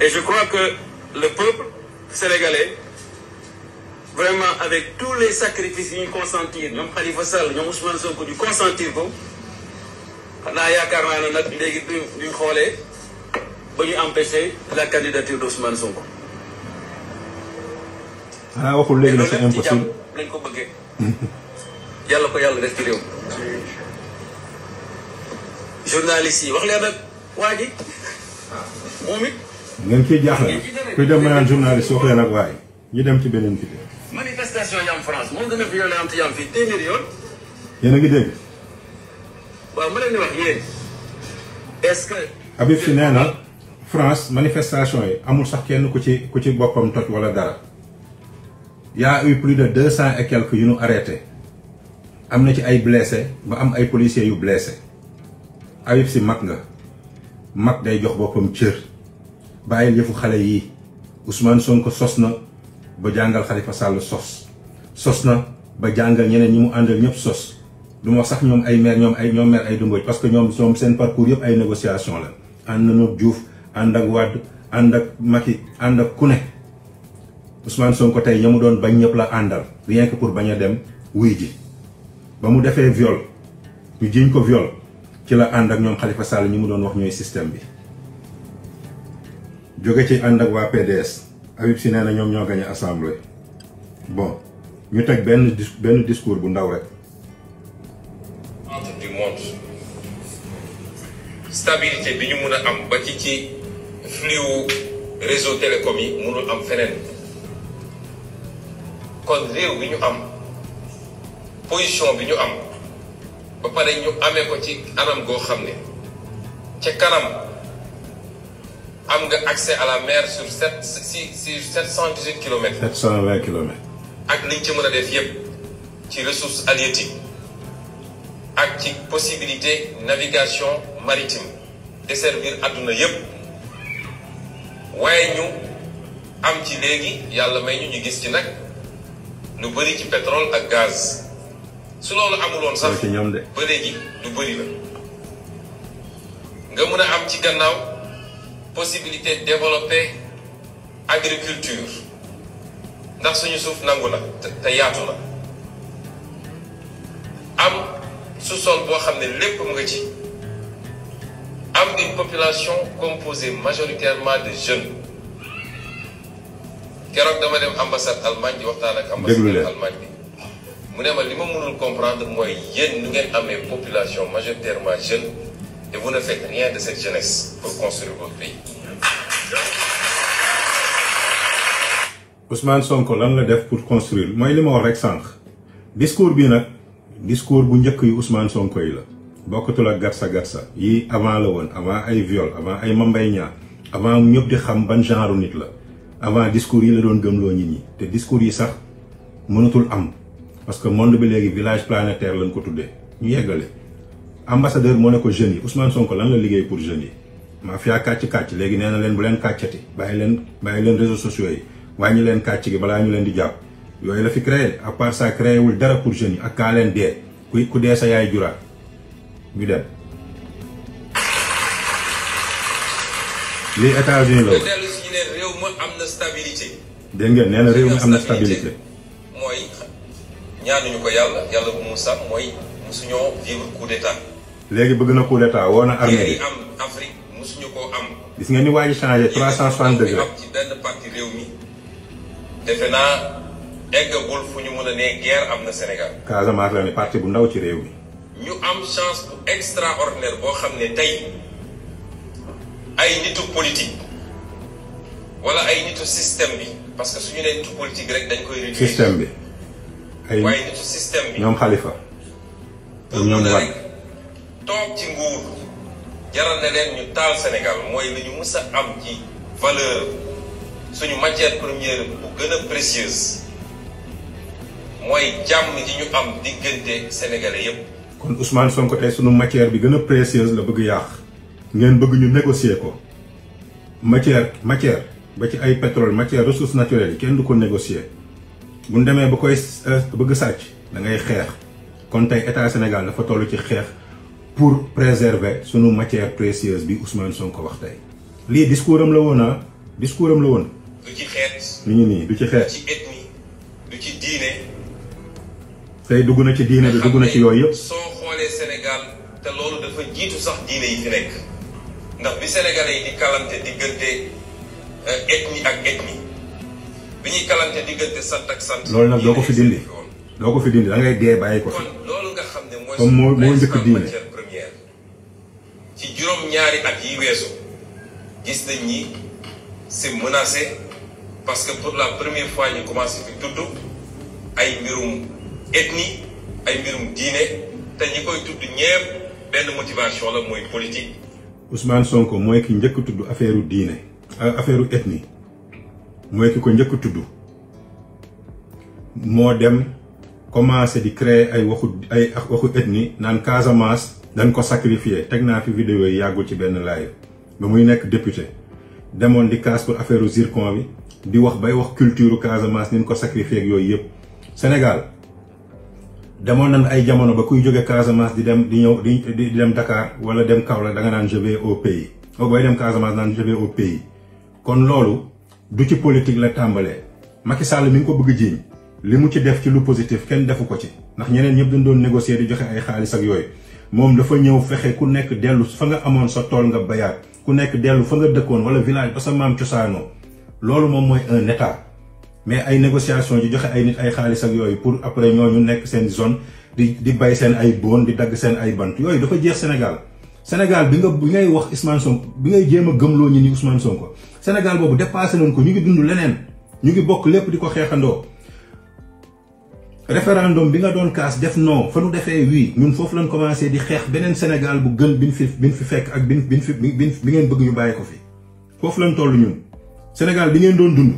Et je crois que le peuple sénégalais, vraiment avec tous les sacrifices qu'ils consentir, ñoom Khalifa Sall Ousmane Sonko ñu consentir a ne empêcher la candidature d'Ousmane Sonko. ne c'est impossible Il ko ko journaliste vous wax ngeen ciy jaaxle kuy dem ma naan journaliste wax leen ñu dem ci beneen vidéo. manifestation yi am France a violé a ngi dégg. waaw ce que. si nee na France manifestation yi amul sax kenn ku ci ku ci boppam toj wala dara. y a eu plus de deux cent et quelques yu nu arrêté am na ci ay blessé ba am ay policiers yu blessé Habib si mag nga mag day jox boppam cër. bayil yefu xalé yi Ousmane Sonko sosna ba jangal Khalifa sallu sos sosna ba jangal ñeneen ñi mu sos du nyom sax ñom ay maire ñom ay ñom maire ay dëmbooj parce que ñom ñoom sen parcours yëpp ay négociation la and na no Diouf and ak wad and ak maki and ak kune Ousmane Sonko tay ñamu bañ ñep la andal rien que pour baña dem wuy ba mu defé viol ñu jiñ ko viol ci la nyom ak ñom Khalifa sallu ñi mu doon wax ñoy système bi jóge ci ànd ak waa PDS Habib Sy nee na ñoom ñoo gañe assemblée bon ñu teg benn dis benn discours bu ndaw rek. du monde stabilité bi ñu mun a am ba ci ci flux réseau télécom yi munul am feneen kon réew bi ñu am position bi ñu am ba pare ñu amee ko ci anam goo xam ne ca kanam. am nga accès à la mer sur 7, si si sept km. dix huit ak liñ ci mën a def yëpp ci ressources halieutiques ak ci possibilité navigation maritime desservir àdduna yëpp waaye ñu am ci léegi yàlla may ñu ñu gis ci nag lu bëri ci pétrole ak gaz su loolu amuloon sax. ba léegi lu bëri la. nga mën a am ci gannaaw possibilité développer agriculture ndax suñu suuf nangu la te yaatu la am su sol boo xam ne lépp mu nga ci am une population composée majoritairement de jeunes keroog dama dem ambassade Allemagne di waxtaan ak ambassade Allemagne bi mu ne ma li ma mënul comprendre mooy yéen nu ngeen amee population majoritairement jeune et vous ne faites rien de cette jeunesse pour construire votre pays. Ousmane Sonko lan la def pour construire Mais li ma wax rek discours bi nak discours bu ñëk yu Ousmane Sonko yi la bokkatul la garsa garsa yi avant la won avant ay viol avant ay mambay ñaa avant ñëpp di xam ban genre nit la avant discours yi la doon lo nit ñi te discours yi sax mënatul am parce que monde bi légui village planétaire lañ ko tuddee ñu ambassadeur moo ne ko jeunes yi Ousmane Sonko lan la liggéey pour jeunes yi mafia kàcc kàcc léegi nee na leen bu leen kàccati bàyyi leen bàyyi leen réseaux sociaux yi wàññi leen kàcc gi balaa ñu leen di jàpp yooyu la fi créé à part ça créé wul dara pour dee ku ku dee sa yaay réew mi am na stabilité. dégg ngeen réew mi am na stabilité. mooy ñaanuñu ko yàlla yàlla bu mu sax mooy mosuñoo vivre coup d'état léegi bëgg na coup d'état woo na armée am Afrique mosuñu koo am. gis nga ni waa ji changé 360 degré. am ci réew mi defe naa eggagul fu ñu mën a ne guerre am na Sénégal. Casamance la ne parti bu ndaw ci réew mi. ñu am chance bu extraordinaire boo xam ne tey ay nitu politique wala ay nitu système bi parce que suñu nee nitu politique rek bi. ay waaye nitu bi ñoom Khalifa. ñoom Wade. tok ci nguur jaral na len ñu taal senegal moy li ñu mësa am ci valeur suñu matière première bu gëna précieuse moy jàmm ji ñu am digënté sénégalais yépp kon Ousmane Sonko tay suñu matière bi gëna précieuse la bëgg yaax ngeen bëgg ñu négocier ko matière matière ba ci ay pétrole matière ressources naturelles kenn du ko négocier bu démé ba koy euh, bëgg sacc da ngay xeex kon tay état Sénégal dafa tollu ci xeex pour préserver sunu matière précieuse bi Ousmane Sonko wax tey lii discours am la woon ah discours la woon. du ci xeet. mi ngi nii du ci xeet. du tey dugg na ci diine bi dugg na ci yooyu yëpp. soo xoolee Sénégal te loolu dafa jiitu sax diine yi fi nekk ndax bi Sénégalais yi di kalante diggante euh, ethnie ak ethnie bi ñuy kalante diggante sant ak sant. loolu nag doo ko fi dindi doo ko fi dindi da ngay dee bàyyi ko fi. comme moo moo njëkk diine. ci juróom-ñaari at yi weesu gis nañ ni c'est menacé parce que pour la première fois ñu commencé fi tudd ay mbirum ethnie ay mbirum diine te ñi koy tudd ñépp benn motivation la mooy politique. Ousmane Sonko mooy ki njëkk tudd affaire diine euh, affaire ethnie mooy ki ko njëkk tudd moo dem commencé di créer ay waxu ay waxu ethnie naan Casamance dañ ko sacrifier teg naa fi vidéo yi yàggul ci ben live ba muy nek député demoon di casse pour affaire zircon bi di wax bay wax culture Casamance ni ñu ko sacrifié ak yooyu yëpp Sénégal demoon nañ ay jamono ba kuy jóge Casamance di dem di ñew di di dem Dakar wala dem Kaolack da nga naan je vais au pays oo bay dem Casamance naan je vais au pays kon lolu du ci politique la tambalé Macky Sall mi ngi ko bëgg jiiñ limu ci def ci lu positif kenn defu ko ci ndax ñeneen ñëpp dañ doon négocier di joxe ay xaalis ak yooyu moom dafa ñëw fexe ku nekk dellu fa nga amoon sa tool nga bayaat ku nekk dellu fa nga dëkkoon wala village ba sa maam cosaanoo loolu moom mooy un état mais ay négociation ji joxe ay nit ay xaalis ak yooyu pour après ñoo ñu nekk seen zone di di bay seen ay boon di dagg seen ay bant yooyu dafa jeex Sénégal Sénégal bi nga bi ngay wax Ousmane bi ngay jéem a gëmloo ñi ni Ousmane Sonko Sénégal boobu dépassé nañ ko ñu ngi dund leneen ñu ngi bokk lépp di ko xeexandoo référendum bi nga doon kaas def non fa nu defee oui ñun foofu lañ commencé di xeex beneen Sénégal bu gën bin fi bin fi fekk ak bin bin fi bi bi ngeen bëgg ñu bàyyi ko fi foofu lañ toll ñun Sénégal bi ngeen doon dund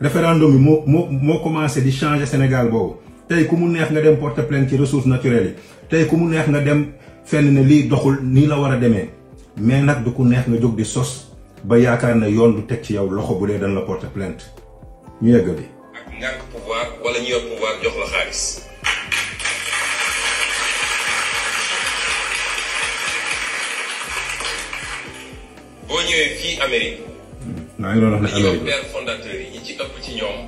référendum bi moo moo moo commencé di changer Sénégal boobu tey ku mu neex nga dem porte plainte ci ressources naturelles yi tey ku mu neex nga dem fenn ne lii doxul nii la war a demee mais nag du ku neex nga jóg di sos ba yaakaar na yoon du teg ci yow loxo bu dee dañ la porte plainte ñu yeggali ñàkk pouvoir wala ñu yor pouvoir jox la xaalis boo ñëwee fii Amérique dañu wax père fondateur yi ñi ci ëpp ci ñoom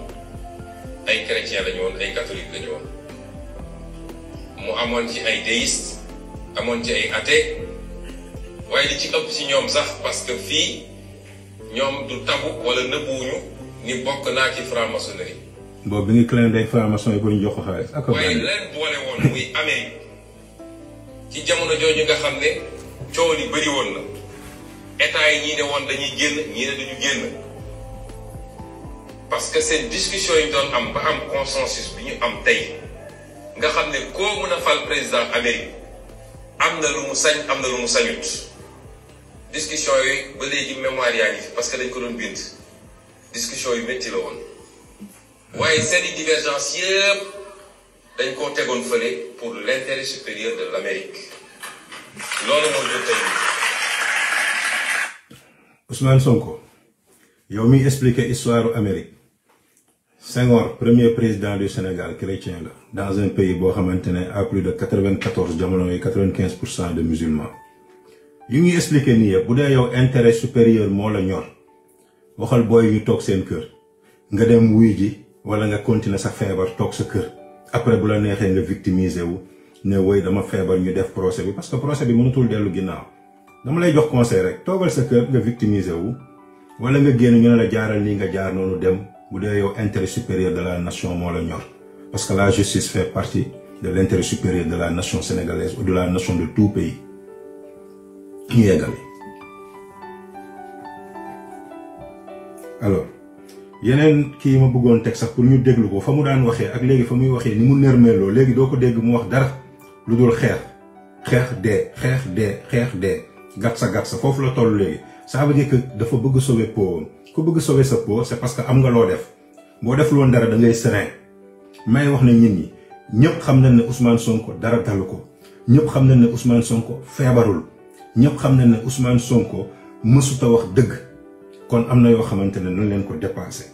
ay chrétien lañu woon ay catholique lañu woon mu amoon ci ay déiste amoon ci ay athée waaye li ci ëpp ci ñoom sax parce que fii ñoom du tabu wala nëbbuwuñu ni bokk naa ci franc-maçonnerie oui, vous ngi claim formation yi pour ñu jox ko xaalis. waaye leen boole woon muy amee ci jamono la nga vous avez coow li la état yi ñii des woon dañuy génn ñii ne dañu génn parce que cette discussion yi doon consensus bi ñu am avez nga a fal président américain, am lu mu sañ am lu mu vous discussion mémoire parce que dañ ko doon bind discussion yu métti la oui c'est les divergence qui dañ koo tegoon pour l'intérêt supérieur de l'Amérique. L'homme loolu moo jot Ousmane Sonko yow miy expliqué de l'Amérique. Senghor premier président du Sénégal chrétien là, dans un pays qui xamante à plus de 94 vingt de musulmans le ñuy expliqué nii yëpp bu un intérêt supérieur moo la ñor waxal booy ñu toog seen kër nga dem wuy wala nga continuer sa sa après victimiser wu dama ñu procès parce que procès bi mënutul delu ginnaw dama lay jox conseil rek sa nga victimiser wu wala nga ñu la jaaral ni nga jaar dem bu intérêt supérieur de la nation parce que la justice fait partie de l'intérêt supérieur de la nation sénégalaise ou de la nation de tout pays alors yeneen kii ma bëggoon teg sax pour ñu déglu ko fa mu daan waxee ak léegi fa muy waxee ni mu nërmeeloo léegi doo ko dégg mu wax dara lu dul xeex xeex de xeex de xeex dee gat sa gat sa foofu la toll léegi ça veut dire que dafa bëgg sauver powam ku bëgg sauver sa po c'est parce que am nga loo def boo def loon dara da ngay serein may wax na nit ñi ñëpp xam nañ ne Ousmane Sonko dara dalu ko ñëpp xam nañ ne Ousmane Sonko feebarul ñëpp xam nañ ne Ousmane Sonko mësuta wax dëgg kon am na yoo xamante ne nu leen ko dépassé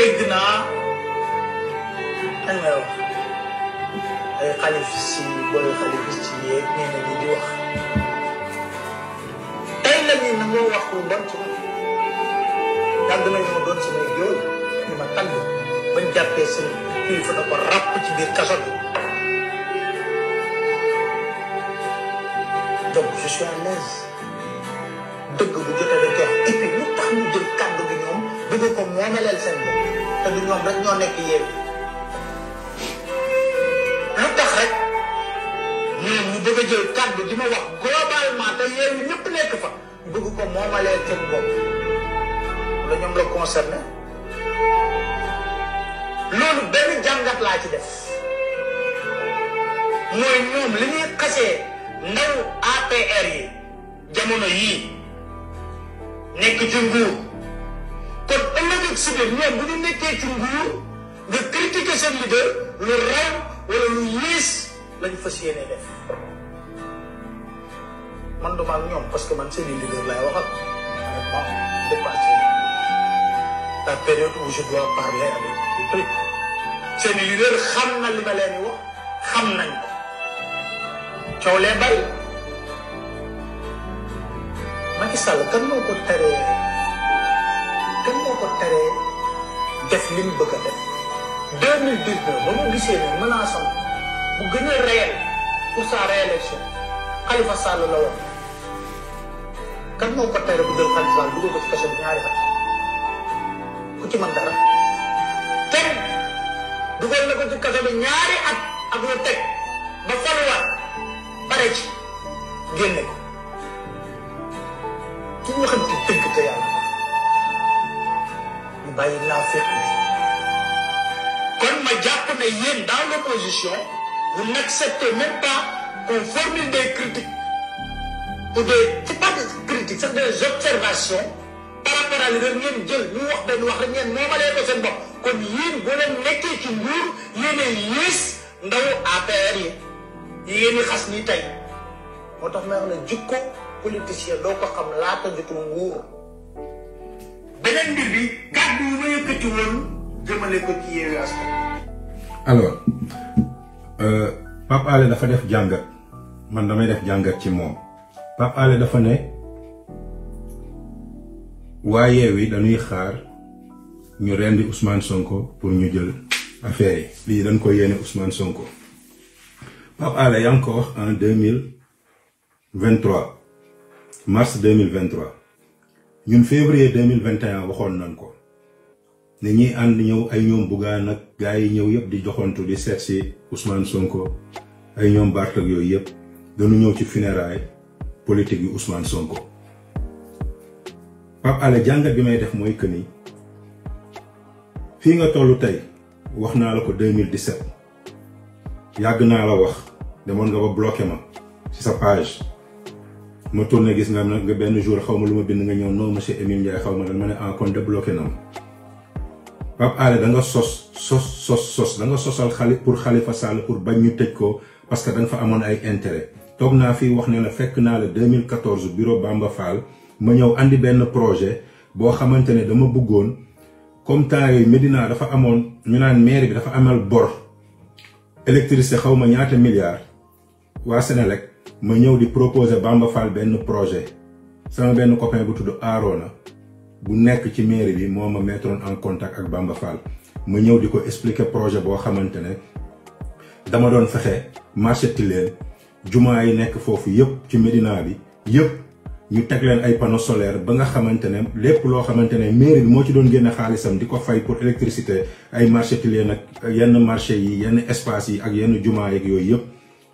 dégg naa kan lay wax ay xalif si boole xalif si yeeg nee nañu di wax tey la ñuy nangoo wax lu bon ci man yàgg nañu ma doon samay góor ñu ma tànn bañ jàppee seen kilifa na ko ràpp ci biir kaso bi donc je suis à l'aise dëgg bu jotee di ñu ko moomaleel seen bopp te du ñoom rek ñoo nekk Yewwi lu tax rek ñoom ñu bëgg a jël kàddu di ma wax globalement te Yewwi ñëpp nekk fa bëgg ko moomaleel seen bopp la la concerné loolu benn jàngat laa ci def mooy ñoom li ñuy xasee ndaw APR yi jamono yii nekk ci se devenir bu ñu nekkee ci nguur nga critiquer seen leader lu raw wala lu yées lañ fas yéene def man duma ak ñoom parce que man seen leader laay waxal honnêtement dépassé la période où je dois parler avec le peuple seen leader xam na li ma leen wax xam teree def li mu bëgg a def 2019 ba mu gisee ne menace am bu gën a réel pour sa réélection Khalifa Sall la woon kan moo ko tere bu jël Khalifa Sall dugal ko ci ñaari at ku ci mën dara teg dugal na ko ci bi ñaari at ak lu ba ci génne ko ki xam ci dëgg yàlla bàyyi naafeq bi kon ma jàpp ne yéen dans l'opposition vous n'acceptez même pas qu'on formule des critiques ou des pas des de sax des observations par rapport à li rek ngeen jël ñu wax benn wax rek ngeen moomalee ko seen bopp kon yéen boo leen nekkee ci nguur yéen a yées ndawu APR yi yéen i xas ni tey moo tax may wax ne jikko politicien doo ko laata jotul nguur alors eh, papa ale dafa def jangat man damay def jangat ci papa ale dafa ne waye wi dañuy xaar ñu rendi ousmane sonko pour ñu jël affaire yi li dañ papa ale yankor en 2023 mars 2023 ñun février 2021 waxoon nañ ko ni ñuy ànd ñëw ay ñoom buggaan nag gars yi ñëw yëpp di joxantu di seet si Ousmane Sonko ay ñoom Bart yooyu yëpp dañu ñëw ci funérailles politique yu Ousmane Sonko Pape Alé jàngat bi may def mooy que ni fii nga tollu tey wax naa la ko 2017 yàgg naa la wax demoon nga ba bloqué ma ci sa page ma tourné gis nga nga benn jour xaw ma lu ma bind nga ñëw non monsieur Emile Ndiaye xaw ma lan ma ne ah kon débloqué na ma Pape da nga sos sos sos sos da nga sosal xali pour Khalifa Sall pour bañ ñu tëj ko parce que da fa amoon ay intérêt toog naa fii wax ne la fekk naa la 2014 bureau Bamba Fall ma ñëw andi benn projet boo xamante ne dama bëggoon comme temps yooyu Medina dafa amoon ñu naan bi dafa amal bor électricité xaw ma ñaata milliards waa Sénélec ma ñëw di proposer Bamba Fall benn projet sama benn copain bu tudd na bu nekk ci mairie bi moo ma mettre en contact ak Bamba Fall ma ñëw di ko expliquer projet boo xamante ne dama doon fexe marché Tilène jumaa yi nekk foofu yëpp ci Médina bi yëpp ñu teg leen ay panneaux solaires ba nga xamante ne lépp loo xamante ne mairie bi moo ci doon génne xaalisam di ko fay pour électricité ay marché Tilène ak yenn marché yi yenn espace yi ak yenn jumaa yeeg yooyu yëpp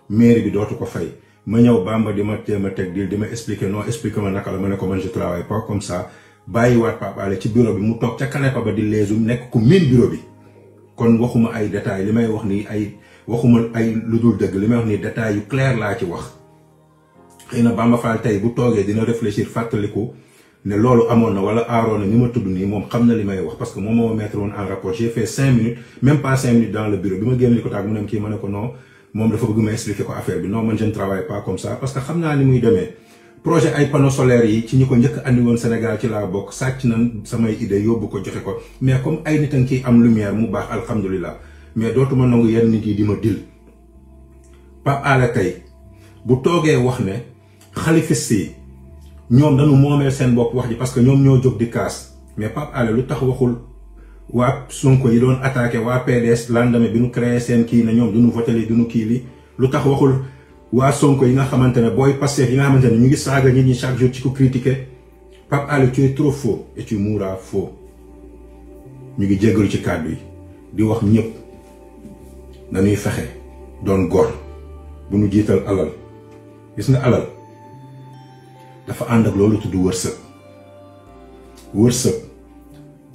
mairie bi dootu ko fay. ma ñëw Bamba di ma téema teg di di ma expliquer non expliquer ma naka la ma ne ko man je travaille pas comme ça bàyyiwaat Pape Alé ci bureau bi mu toog ca canapé ba di leesum nekk ku miin bureau bi kon waxuma ay détails li may wax nii ay waxuma ay lu dul dëgg li may wax nii détails yu clair laa ci wax xëy na Bamba Fall tey bu toogee dina réfléchir fàttaliku ne loolu amoon na wala aaroon na ni ma tudd nii moom xam na li may wax parce que moom moo mettre woon le bureau bi ma génn li ko taag mu ne ne ko non mom dafa bëgg ma expliquer ko affaire bi non man je ne travaille pas comme ça parce que xam naa ni muy démé projet ay panneaux solaires yi ci ñiko ñëk andi won Sénégal ci la bok sacc na samay idée yob ko joxé ko mais comme ay nit ki am lumière mu baax alhamdoulillah mais dootuma nangu yenn nit yi di ma dil Pape ala tay bu togué wax né khalifa si ñom dañu momé sen bok wax ji parce que ñom ñoo jóg di casse mais Pape ala lu tax waxul wa Sonko yi don attaquer wa PDS landame binu créer sen ki na ñom duñu voter voté du ñu li lu tax waxul waa Sonko yi nga xamantene boy passé yi nga xamantene ñu ngi saga ñi ñi chaque jour ci ko critiquer pap tu es trop faux et tu mourras faux ñu ngi jéggalu ci cadre yi di wax ñuy fexé don gor bu ñu jital alal gis nga alal dafa and ak lolu tuddu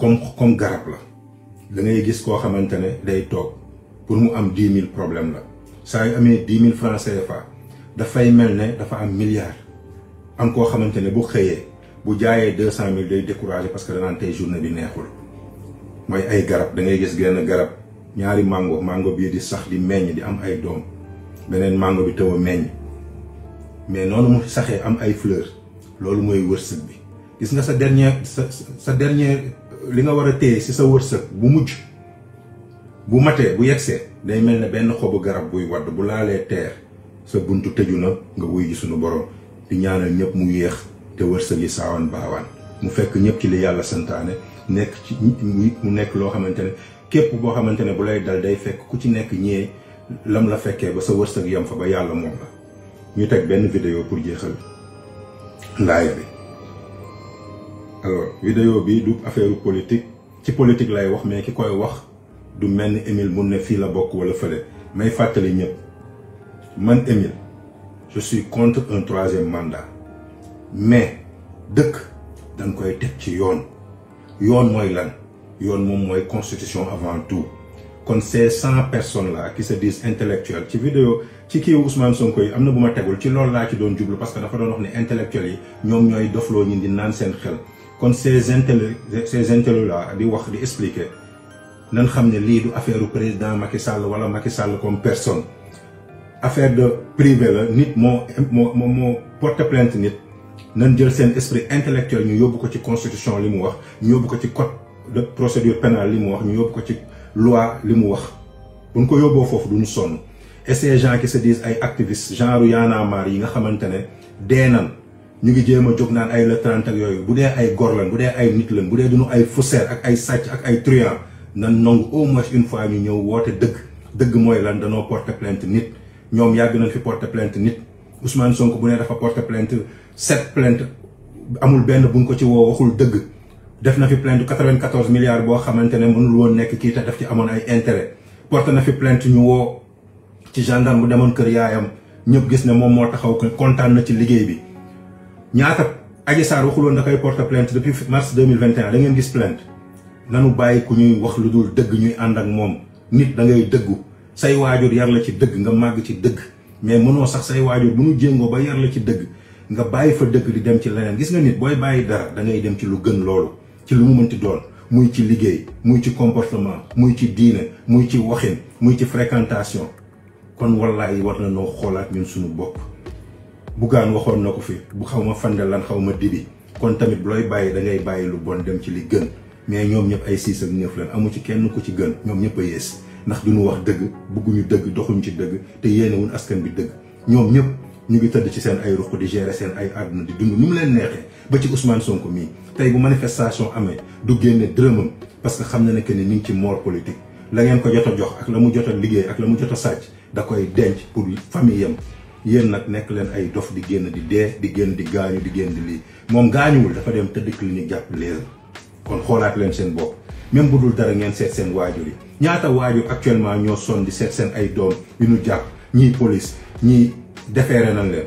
comme garab la da ngay day pour mu am dix problème la ça yu francs CFA fay melne da fa am milliard am ko xamantene bu xeyé bu parce que journée bi neexul moy ay garab da ngay mango mango bi di sax di d'am di am mango bi mais nonu mu saxé am ay fleur lolou moy wërsëg bi nga sa li nga war a téye ci sa wërsëg bu mujj bu matee bu yegsee day mel ne benn xobu garab buy wadd bu laalee teer sa buntu tëju na nga wuy ji sunu borom di ñaanal ñëpp mu yéex te wërsëg yi saawan baawaan mu fekk ñëpp ci li yàlla santaane nekk ci mu nekk loo xamante ne képp boo xamante ne bu lay dal day fekk ku ci nekk ñee lam la fekkee ba sa wërsëg yam fa ba yàlla moom la ñu teg benn vidéo pour jeexal laaya bi alors vidéo bi du affaire politique ci politique lay wax mais ki koy wax du mel Emile Émile fi la bokk wala feulé may fatali ñep man Emile je suis contre un troisième mandat mais deuk dañ koy teg ci yoon yoon moy lan yoon mom moy constitution avant tout kon ces cent personnes là qui se disent intellectuels ci vidéo ci ki Ousmane Sonko yi am na tegul ci lool la ci doon djublu parce que dafa doon wax ni intellectuels yi ñoom ñooy ñi di nan sen xel kon ces intello ces intello là di wax di expliquer nan xamné li du affaire président Macky Sall wala Macky Sall comme personne affaire de privé la nit mon mo mo porte plainte nit nan jël sen esprit intellectuel ñu yóbbu ko ci constitution limu wax ñu yóbbu ko ci code de procédure pénale limu wax ñu yóbbu ko ci loi limu wax buñ ko yóbboo fofu duñu sonn et ces gens qui se disent ay activistes genre yana mar yi nga xamantene ne ñu ngi jéem jog naan ay le 30 ak yooyu bu dee ay gor lan bu dee ay nit lan bu dee duñu ay faussaire ak ay sàcc ak ay truand nan nong au moins une fois ñu ñëw woote dëgg dëgg mooy lan danoo porte plainte nit ñoom yàgg nañ fi porte plainte nit Ousmane Sonko bu ne dafa porte plainte sept plainte amul benn buñ ko ci woo waxul dëgg def na fi plainte 94 milliards boo xamante ne mënul woon nekk kii te daf ci amoon ay intérêt porte na fi plainte ñu woo ci gendarme bu demoon kër yaayam ñëpp gis ne moom moo taxaw kontaan na ci liggéey bi ñaata Adji Sarr waxuloon da koy porter plainte depuis mars 2021 da ngeen gis plainte nanu bàyyi ku ñuy wax lu dul dëgg ñuy ànd ak moom nit da ngay dëggu say waajur yar la ci dëgg nga màgg ci dëgg mais mënoo sax say waajur bu ñu jéngoo ba yar la ci dëgg nga bàyyi fa dëgg di dem ci leneen gis nga nit booy bàyyi dara da ngay dem ci lu gën loolu ci lu mu mënti doon muy ci liggéey muy ci comportement muy ci diine muy ci waxin muy ci fréquentation kon wallaay war na noo xoolaat ñun suñu bopp Bougane waxoon na ko fi bu xaw ma fandalan xaw ma dibi kon tamit looy bàyyi da ngay bàyyi lu bon dem ci li gën mais ñoom ñëpp ay six ak neuf lan amu ci kenn ku ci gën ñoom ñëpp a yees ndax nu wax dëgg bëgguñu dëgg doxuñ ci dëgg te wun askan bi dëgg ñoom ñëpp ñu ngi tëdd ci seen ay ruq di gérer seen ay àdduna di dund nu mu leen neexee ba ci Ousmane Sonko mii tey bu manifestation amee du génne dërëmam parce que xam na ne que ni mi ngi ci mort politique la ngeen ko jot jox ak la mu jot a ak la mu jot a da koy denc pour famille am yéen nag nekk leen ay dof di génn di dee di génn di gaañu di génn di lii moom gaañuwul dafa dem tëdd nu jàpp léegi kon xoolaat leen seen bopp même bu dul dara ngeen seet seen waajur yi ñaata waajur actuellement ñoo sonn di seet seen ay doom yu ñu jàpp ñii police ñii defeere nañ leen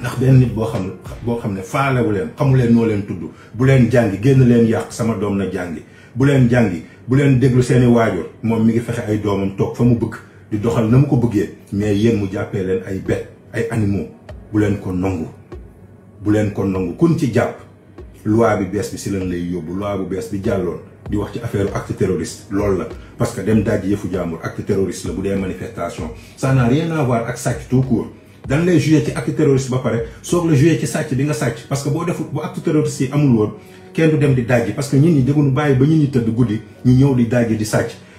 ndax benn nit boo xam boo xam ne faalewu leen xamu leen noo leen tudd bu leen jàngi génn leen yàq sama doom na jàngi bu leen jàngi bu leen déglu seeni waajur moom mi ngi fexe ay doomam toog fa mu bëgg di doxal ko mais yéen mu jàppee leen ay ay animaux bu leen ko nangu bu leen ko nangu kun ci jàpp loi bi bees bi si leen lay yóbbu loi bu bees bi jàlloon di wax ci affaire terroriste parce que dem dajji yëfu jàmbur acte terroriste la bu manifestation ça n'a rien à voir ak sàcc tout court dañ lay jugé ci acte terroriste ba pare soog la jugé ci nga parce que boo bu acte terroriste amul dem di parce que ñit ñi bàyyi ba ñi di di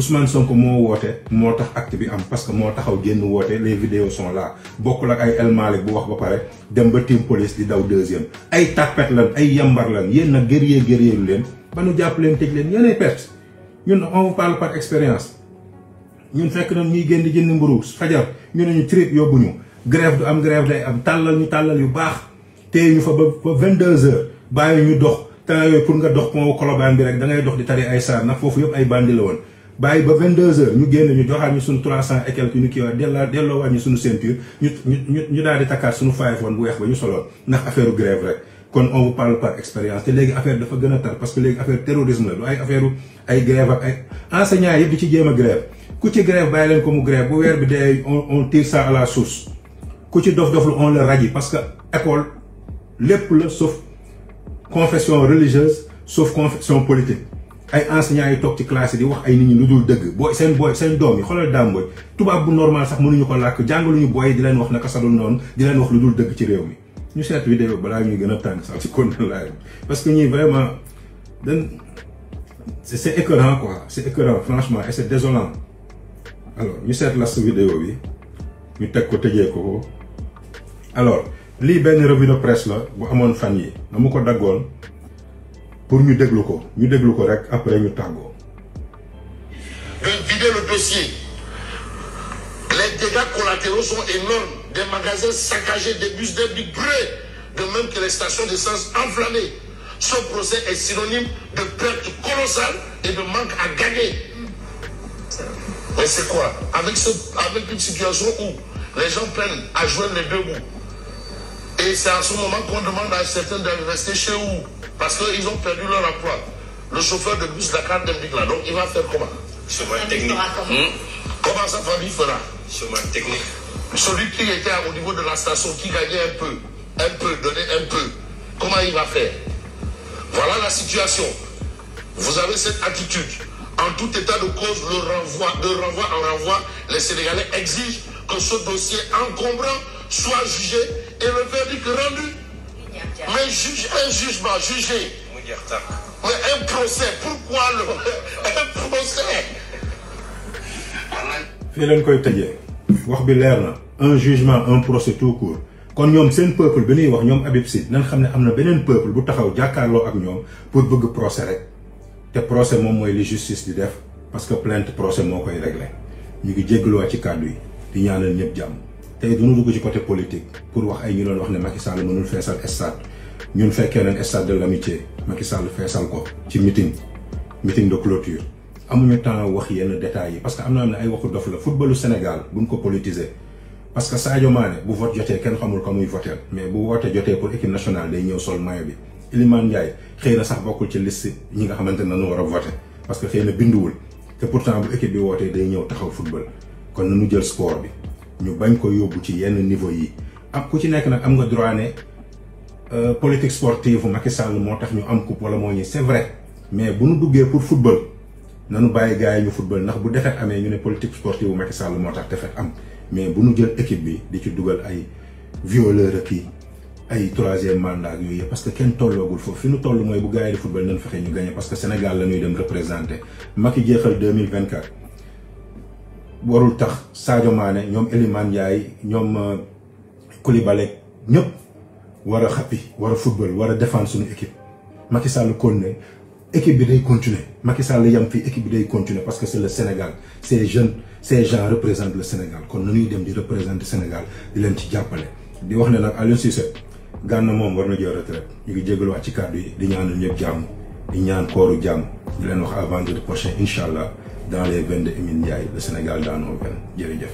Ousmane Sonko mo woote moo tax acte bi am parce que mo taxaw génn wote les vidéos sont là bokul ak ay El Malik bu wax ba paré dem ba team police di daw deuxième ay tapet lan ay yambar lan yeen nag guerrier guerrier lu len ba nu japp len tëj len yene perte ñun on parle par expérience ñun fekk na ñuy génn di jënd mburu fajar ñu ñu trip yóbbu ñu grève du am grève day am talan ñu talan yu bax té ñu fa ba 22h bayu ñu dox temps pour nga dox ko Colobane bi rek da ngay dox di tari ay sar na fofu yop ay bandi la bay ba 22h ñu génn ñu joxaat ñu suñu 300 et quelques ñu kii waat delloo delloowaat wañu suñu ceinture ñu ñu ñu daal di takkaat suñu fayefoon bu weex ba ñu solo ndax affaire grève rek kon on vous parle par expérience te légui affaire dafa gën a tar parce que légui affaire terrorisme la du ay affaire ay grève ak ay enseignants yëpp di ci jéem grève ku ci grève bay leen ko mu grève bu wër bi dé on on tire ça à la source ku ci dof dof lu on le rajie parce que école lepp la sauf confession religieuse sauf confession politique ay enseignants yu toog ci classe di wax ay nit ñi lu dul dëgg booy seen booy seen doom yi xoolal daam booy tubaab bu normal sax mënuñu ko làkk jàngaluñu booy di leen wax naka sadul noonu di leen wax lu dul dëgg ci réew mi ñu seet vidéo balaa ñuy gën a tàng sax ci kon laay parce que ñuy vraiment dañ c'est écœurant quoi c'est écœurant franchement et c'est désolant alors ñu seet las vidéo bi ñu teg ko tëjee ko alors lii benn revue de presse la bu amoon fan yi na mu ko daggoon pour nous déglu nous après nous tango. de vider le dossier les dégâts collatéraux sont énormes des magasins saccagés des bus débris brûlés de même que les stations d'essence enflammées ce procès est synonyme de perte colossale et de manque à gagner. Mais c'est quoi avec, ce, avec une situation où les gens prennent à joindre les deux bouts. Et c'est à ce moment qu'on demande à certains de rester chez eux. Parce qu'ils ont perdu leur emploi. Le chauffeur de bus Dakar de là, donc il va faire comment technique. Hmm? Comment sa famille fera Chemin technique. Celui qui était au niveau de la station, qui gagnait un peu, un peu, donnait un peu, comment il va faire Voilà la situation. Vous avez cette attitude. En tout état de cause, le renvoi, de renvoi en renvoi, les Sénégalais exigent que ce dossier encombrant soit jugé et le verdict rendu. Mais juge, un jugement, juger. Mais un procès, pourquoi le, un procès fii leen koy tëjee wax bi leer un jugement un procès tout court Quand kon ñoom un peuple bi ñuy wax ñoom Habib Sy nañ xam ne am na beneen peuple bu taxaw jàkkaarloo ak ñoom pour bëgg procès rek procès moom mooy li justice di def parce que plainte procès moo koy régler. ñu ngi jéggaluwaat ci kàddu yi di ñaanal ñëpp jàmm tey duñu dugg ci côté politique pour wax ay ñu doon wax ne Macky Sall mënul feesal stade ñun fekkee nañ stade de l'amitié Macky Sall feesal ko ci meeting meeting de clôture amuñu temps wax yenn détails parce que amna naa ne ay waxu dof la footballu Sénégal buñ ko politiser parce que Sadio Mané bu vote jotee kenn xamul comme muy voté mais bu woote jotee pour équipe nationale day ñëw sol maillot bi Iliman Ndiaye xëy na sax bokkul ci liste ñi nga xamante ne dañu war a voté parce que xëy na binduwul te pourtant bu équipe bi wootee day ñëw taxaw football kon nañu jël sport bi ñu bañ ko yóbbu ci yenn niveau yi ak ku ci nekk nag am nga droit ne euh, politique sportive Macky Sall moo tax ñu am coupe wala moo ñi c'est vrai mais bu ñu duggee pour football nanu baye gaay ñu football nak bu defet amé ñu né politique sportive Macky Sall moo tax defet am mais bu ñu jël équipe bi di ci duggal ay violeurs ak ay troisième mandat ak parce que ken tolloogul fofu fi ñu toll moy bu gaay di football nañ fexe ñu gagner parce que Sénégal la ñuy dem représenter Macky jeexal 2024 warul tax Sadio Mané ñoom Elimane Ndiaye ñom euh, Koulibaly ñëpp war a xappi football war a défendre suñu équipe Macky équipe bi day continuer Macky Sall yam équipe bi continuer parce que c'est le Sénégal ces jeunes ces gens représentent le Sénégal kon nu ñuy dem di représenter Sénégal di leen ci jàppale. di wax ne nag Aliou Cissé war na jël retraite ñu ngi jégaluwaat ci kàddu yi di ñëpp jàmm di ñaan kooru jàmm di leen wax avant vendredi prochain incha dans les 22 de le Sénégal dans nos veines